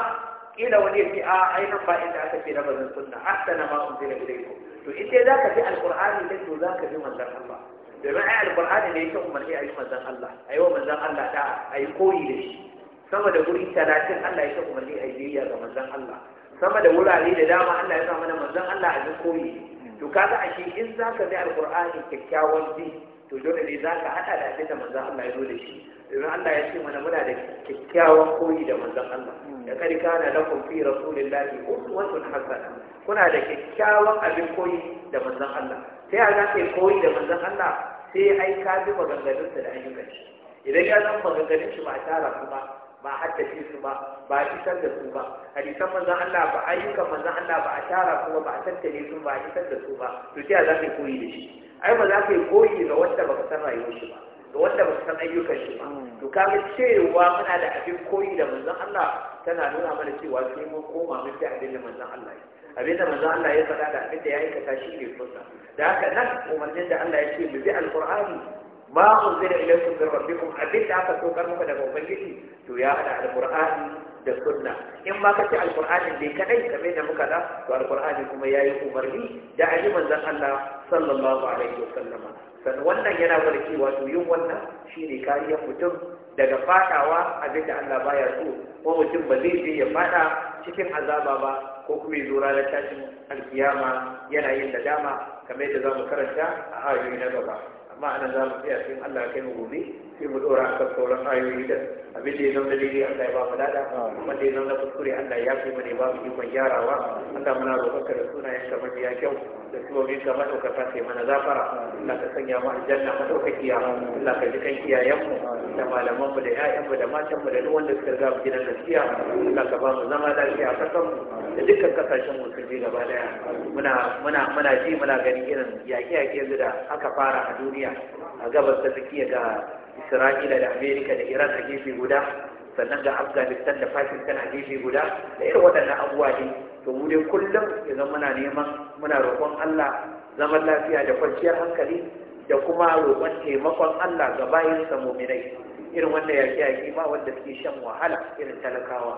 kila wani ya ce a ainihin ba inda aka ce na bazan sunna ahsana ma unzila ilaykum to in dai zaka bi alqur'ani dai to zaka bi manzon Allah domin ai alqur'ani ne yake umarni a yi manzon Allah a yi wa manzon Allah da a yi koyi da shi sama da guri talatin Allah yake umarni a yi biyayya ga manzon Allah sama da wurare da dama Allah ya sa mana manzon Allah a yi koyi to kaga a shi in zaka bi alqur'ani kyakkyawan bi to dole ne zaka hada da abin da manzon Allah ya zo da shi domin Allah ya ce mana muna da kyakkyawan koyi da manzon Allah da kana da fi rasulillahi uswatun hasana kuna da kyakkyawan abin koyi da manzon Allah sai a za yi koyi da manzon Allah sai ai ka bi maganganun da ayyukan shi idan ya zama maganganun shi ba a tara su ba ba a haddace su ba ba a isar da su ba hadisan manzon Allah ba ayyukan manzon Allah ba a tara su ba a tattale su ba a isar da su ba to sai a za koyi da shi ai ba za ka koyi da wanda baka san rayuwar shi ba ga wanda ba su san ayyukan shi ba hmm. to kaga cewa muna da abin koyi da manzon Allah tana nuna mana cewa sai mun koma mun fi abin da manzon Allah abin da manzon Allah ya faɗa da abin da ya aikata shi ne kusa da haka nan umarnin da Allah ya ce mu bi alqur'ani ma unzila ilaykum min rabbikum abin da aka saukar muka daga ubangiji to ya hada alqur'ani da sunna in ma kace alqur'ani dai kadai kamar da muka da to alqur'ani kuma yayi umarni da ayi manzon Allah sallallahu alaihi wasallama sannan wannan yana wani cewa yin wannan shine kariyar mutum daga fadawa abin da Allah baya so ko mutum ba zai je ya fada cikin azaba ba ko kuma ya zura da tashin alkiyama yana yin dama kamar yadda za mu karanta a ayoyi na gaba amma anan za mu tsaya cikin Allah kai mu gobe sai mu dora akan sauran ayoyi da abin da ya zama daidai Allah ya ba mu lada da ya zama kuskure Allah ya fi mana ba mu ikon gyarawa Allah muna roƙonka da sunayen ka mafiya kyau da suwamin ka madaukaka sai mana zafara Allah ka sanya mu aljanna madaukakiya Allah ka ji kan iyayenmu da malamanmu da 'ya'yanmu da matanmu da duk wanda suka riga mu gidan gaskiya Allah ka ba mu zama lafiya a kasanmu da dukkan sun musulmi gaba daya muna muna muna ji muna gani irin yaƙe-yaƙe da aka fara a duniya a gabas ta tsakiya ga isra'ila da amerika da iran a gefe guda sannan ga afghanistan da pakistan a gefe guda da irin waɗannan abubuwa ne to mu dai kullum idan muna neman muna roƙon allah zaman lafiya da kwanciyar hankali da kuma roƙon taimakon allah ga bayan samominai, irin wanda yaƙi yaƙi ba wanda suke shan wahala irin talakawa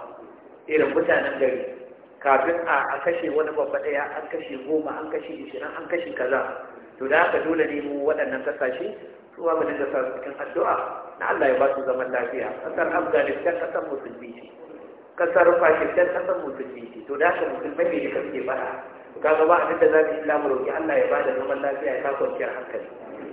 irin mutanen gari kafin a kashe wani babba ɗaya an kashe goma an kashe ishirin an kashe kaza to da haka dole ne mu waɗannan kasashe suwa mu dinga sa cikin addu'a na Allah ya ba su zaman lafiya kasar Afghanistan kasar musulmi ce kasar Pakistan kasar musulmi ce to da shi musulmai ne da suke fara kaga ba abin da yi lamu Allah ya ba da zaman lafiya ya kawo kwanciyar hankali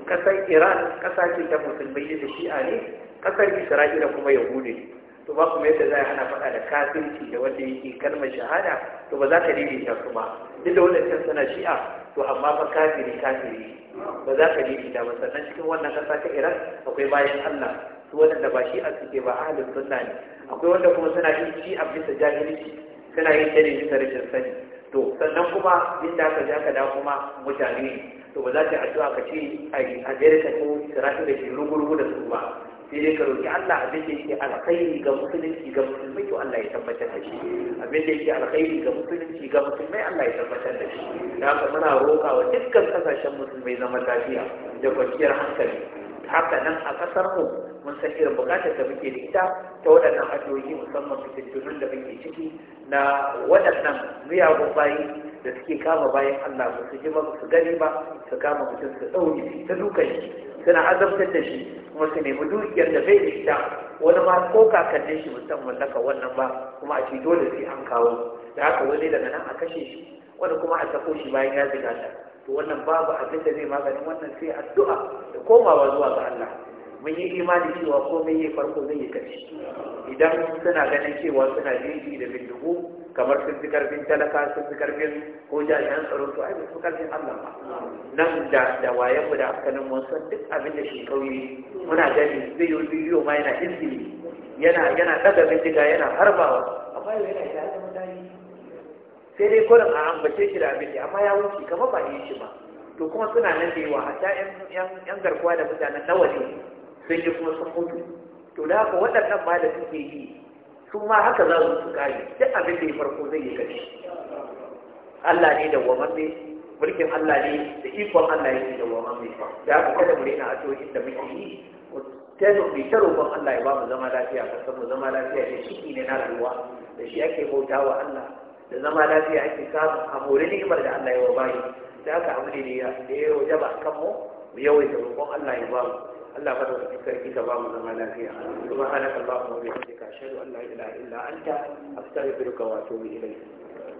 kasar Iran kasar ce ta musulmai ne da shi'a ne kasar Isra'ila kuma yahudi ne to ba kuma yadda za a hana faɗa da kafirci da wanda yake kalmar shahada to ba za ka daidaita su ba duk da wannan suna shi'a to amma fa kafiri kafiri ba za ka yi ita ba sannan cikin wannan kasa ta iran akwai bayan allah su waɗanda ba shi a suke ba ahalin sunna ne akwai wanda kuma suna yin ci a bisa jahilci suna yin ta ne bisa rashin sani to sannan kuma da aka ja ka da kuma mutane ne to ba za ka addu'a ka ce a amerika ko isra'ila da ke rugurugu da su ba sai dai ka roƙi Allah abin da yake alkhairi ga musulunci ga musulmai to Allah ya tabbatar da shi abin da yake alkhairi ga musulunci ga musulmai Allah ya tabbatar da shi dan haka muna roƙawa wa dukkan kasashen musulmai zaman lafiya da kwanciyar hankali haka nan a kasar mu mun san irin bukatar da muke da ita ta waɗannan addu'o'i musamman fitattunun da muke ciki na waɗannan miyagun bayi da suke kama bayan Allah ba su ji ba su gani ba su kama mutum su ɗauri ta dukan shi suna azabtar da shi kuma su nemi dukiyar da bai da ita wani ma ko kakannin shi musamman naka wannan ba kuma a ce dole sai an kawo da haka wani daga nan a kashe shi wani kuma a sako shi bayan ya zigata to wannan babu abin da zai maganin wannan sai addu'a da komawa zuwa ga Allah mun yi imani cewa komai yi farko zai yi kashi idan suna ganin cewa suna jiki da bindigu kamar sun fi karfin talaka sun fi karfin ko jami'an tsaro to ai su karfin Allah ba nan da da wayan mu da afkanin mun san duk abin da shi kauye muna gani zai yi bidiyo ma yana izini yana yana daga bindiga yana harbawa amma yana yana sai dai kodin a ambace shi da abinci, amma ya wuce kamar ba yi shi ba to kuma suna nan da yawa hatta yan garkuwa da mutanen nawa ne sun yi kuma sun mutu to da haka waɗannan ma da suke yi su ma haka za su kare duk abin da ya farko zai yi gari Allah ne da wamanne mulkin Allah ne da ikon Allah yake da wamanne da haka kada mu rena addu'o'in da muke yi ta nufi ta roƙon Allah ya ba mu zama lafiya ka san mu zama lafiya da shi ne na rayuwa da shi ake bauta wa Allah da zama lafiya ake samu a ni ni'imar da Allah ya wa bayi da aka abu ne da ya ba kan mu mu yawaita rukun Allah ya ba mu Allah ba da wani sarki ka ba mu zama lafiya subhanaka allahumma wa bihamdika ashhadu an la ilaha illa anta astaghfiruka wa atubu ilayk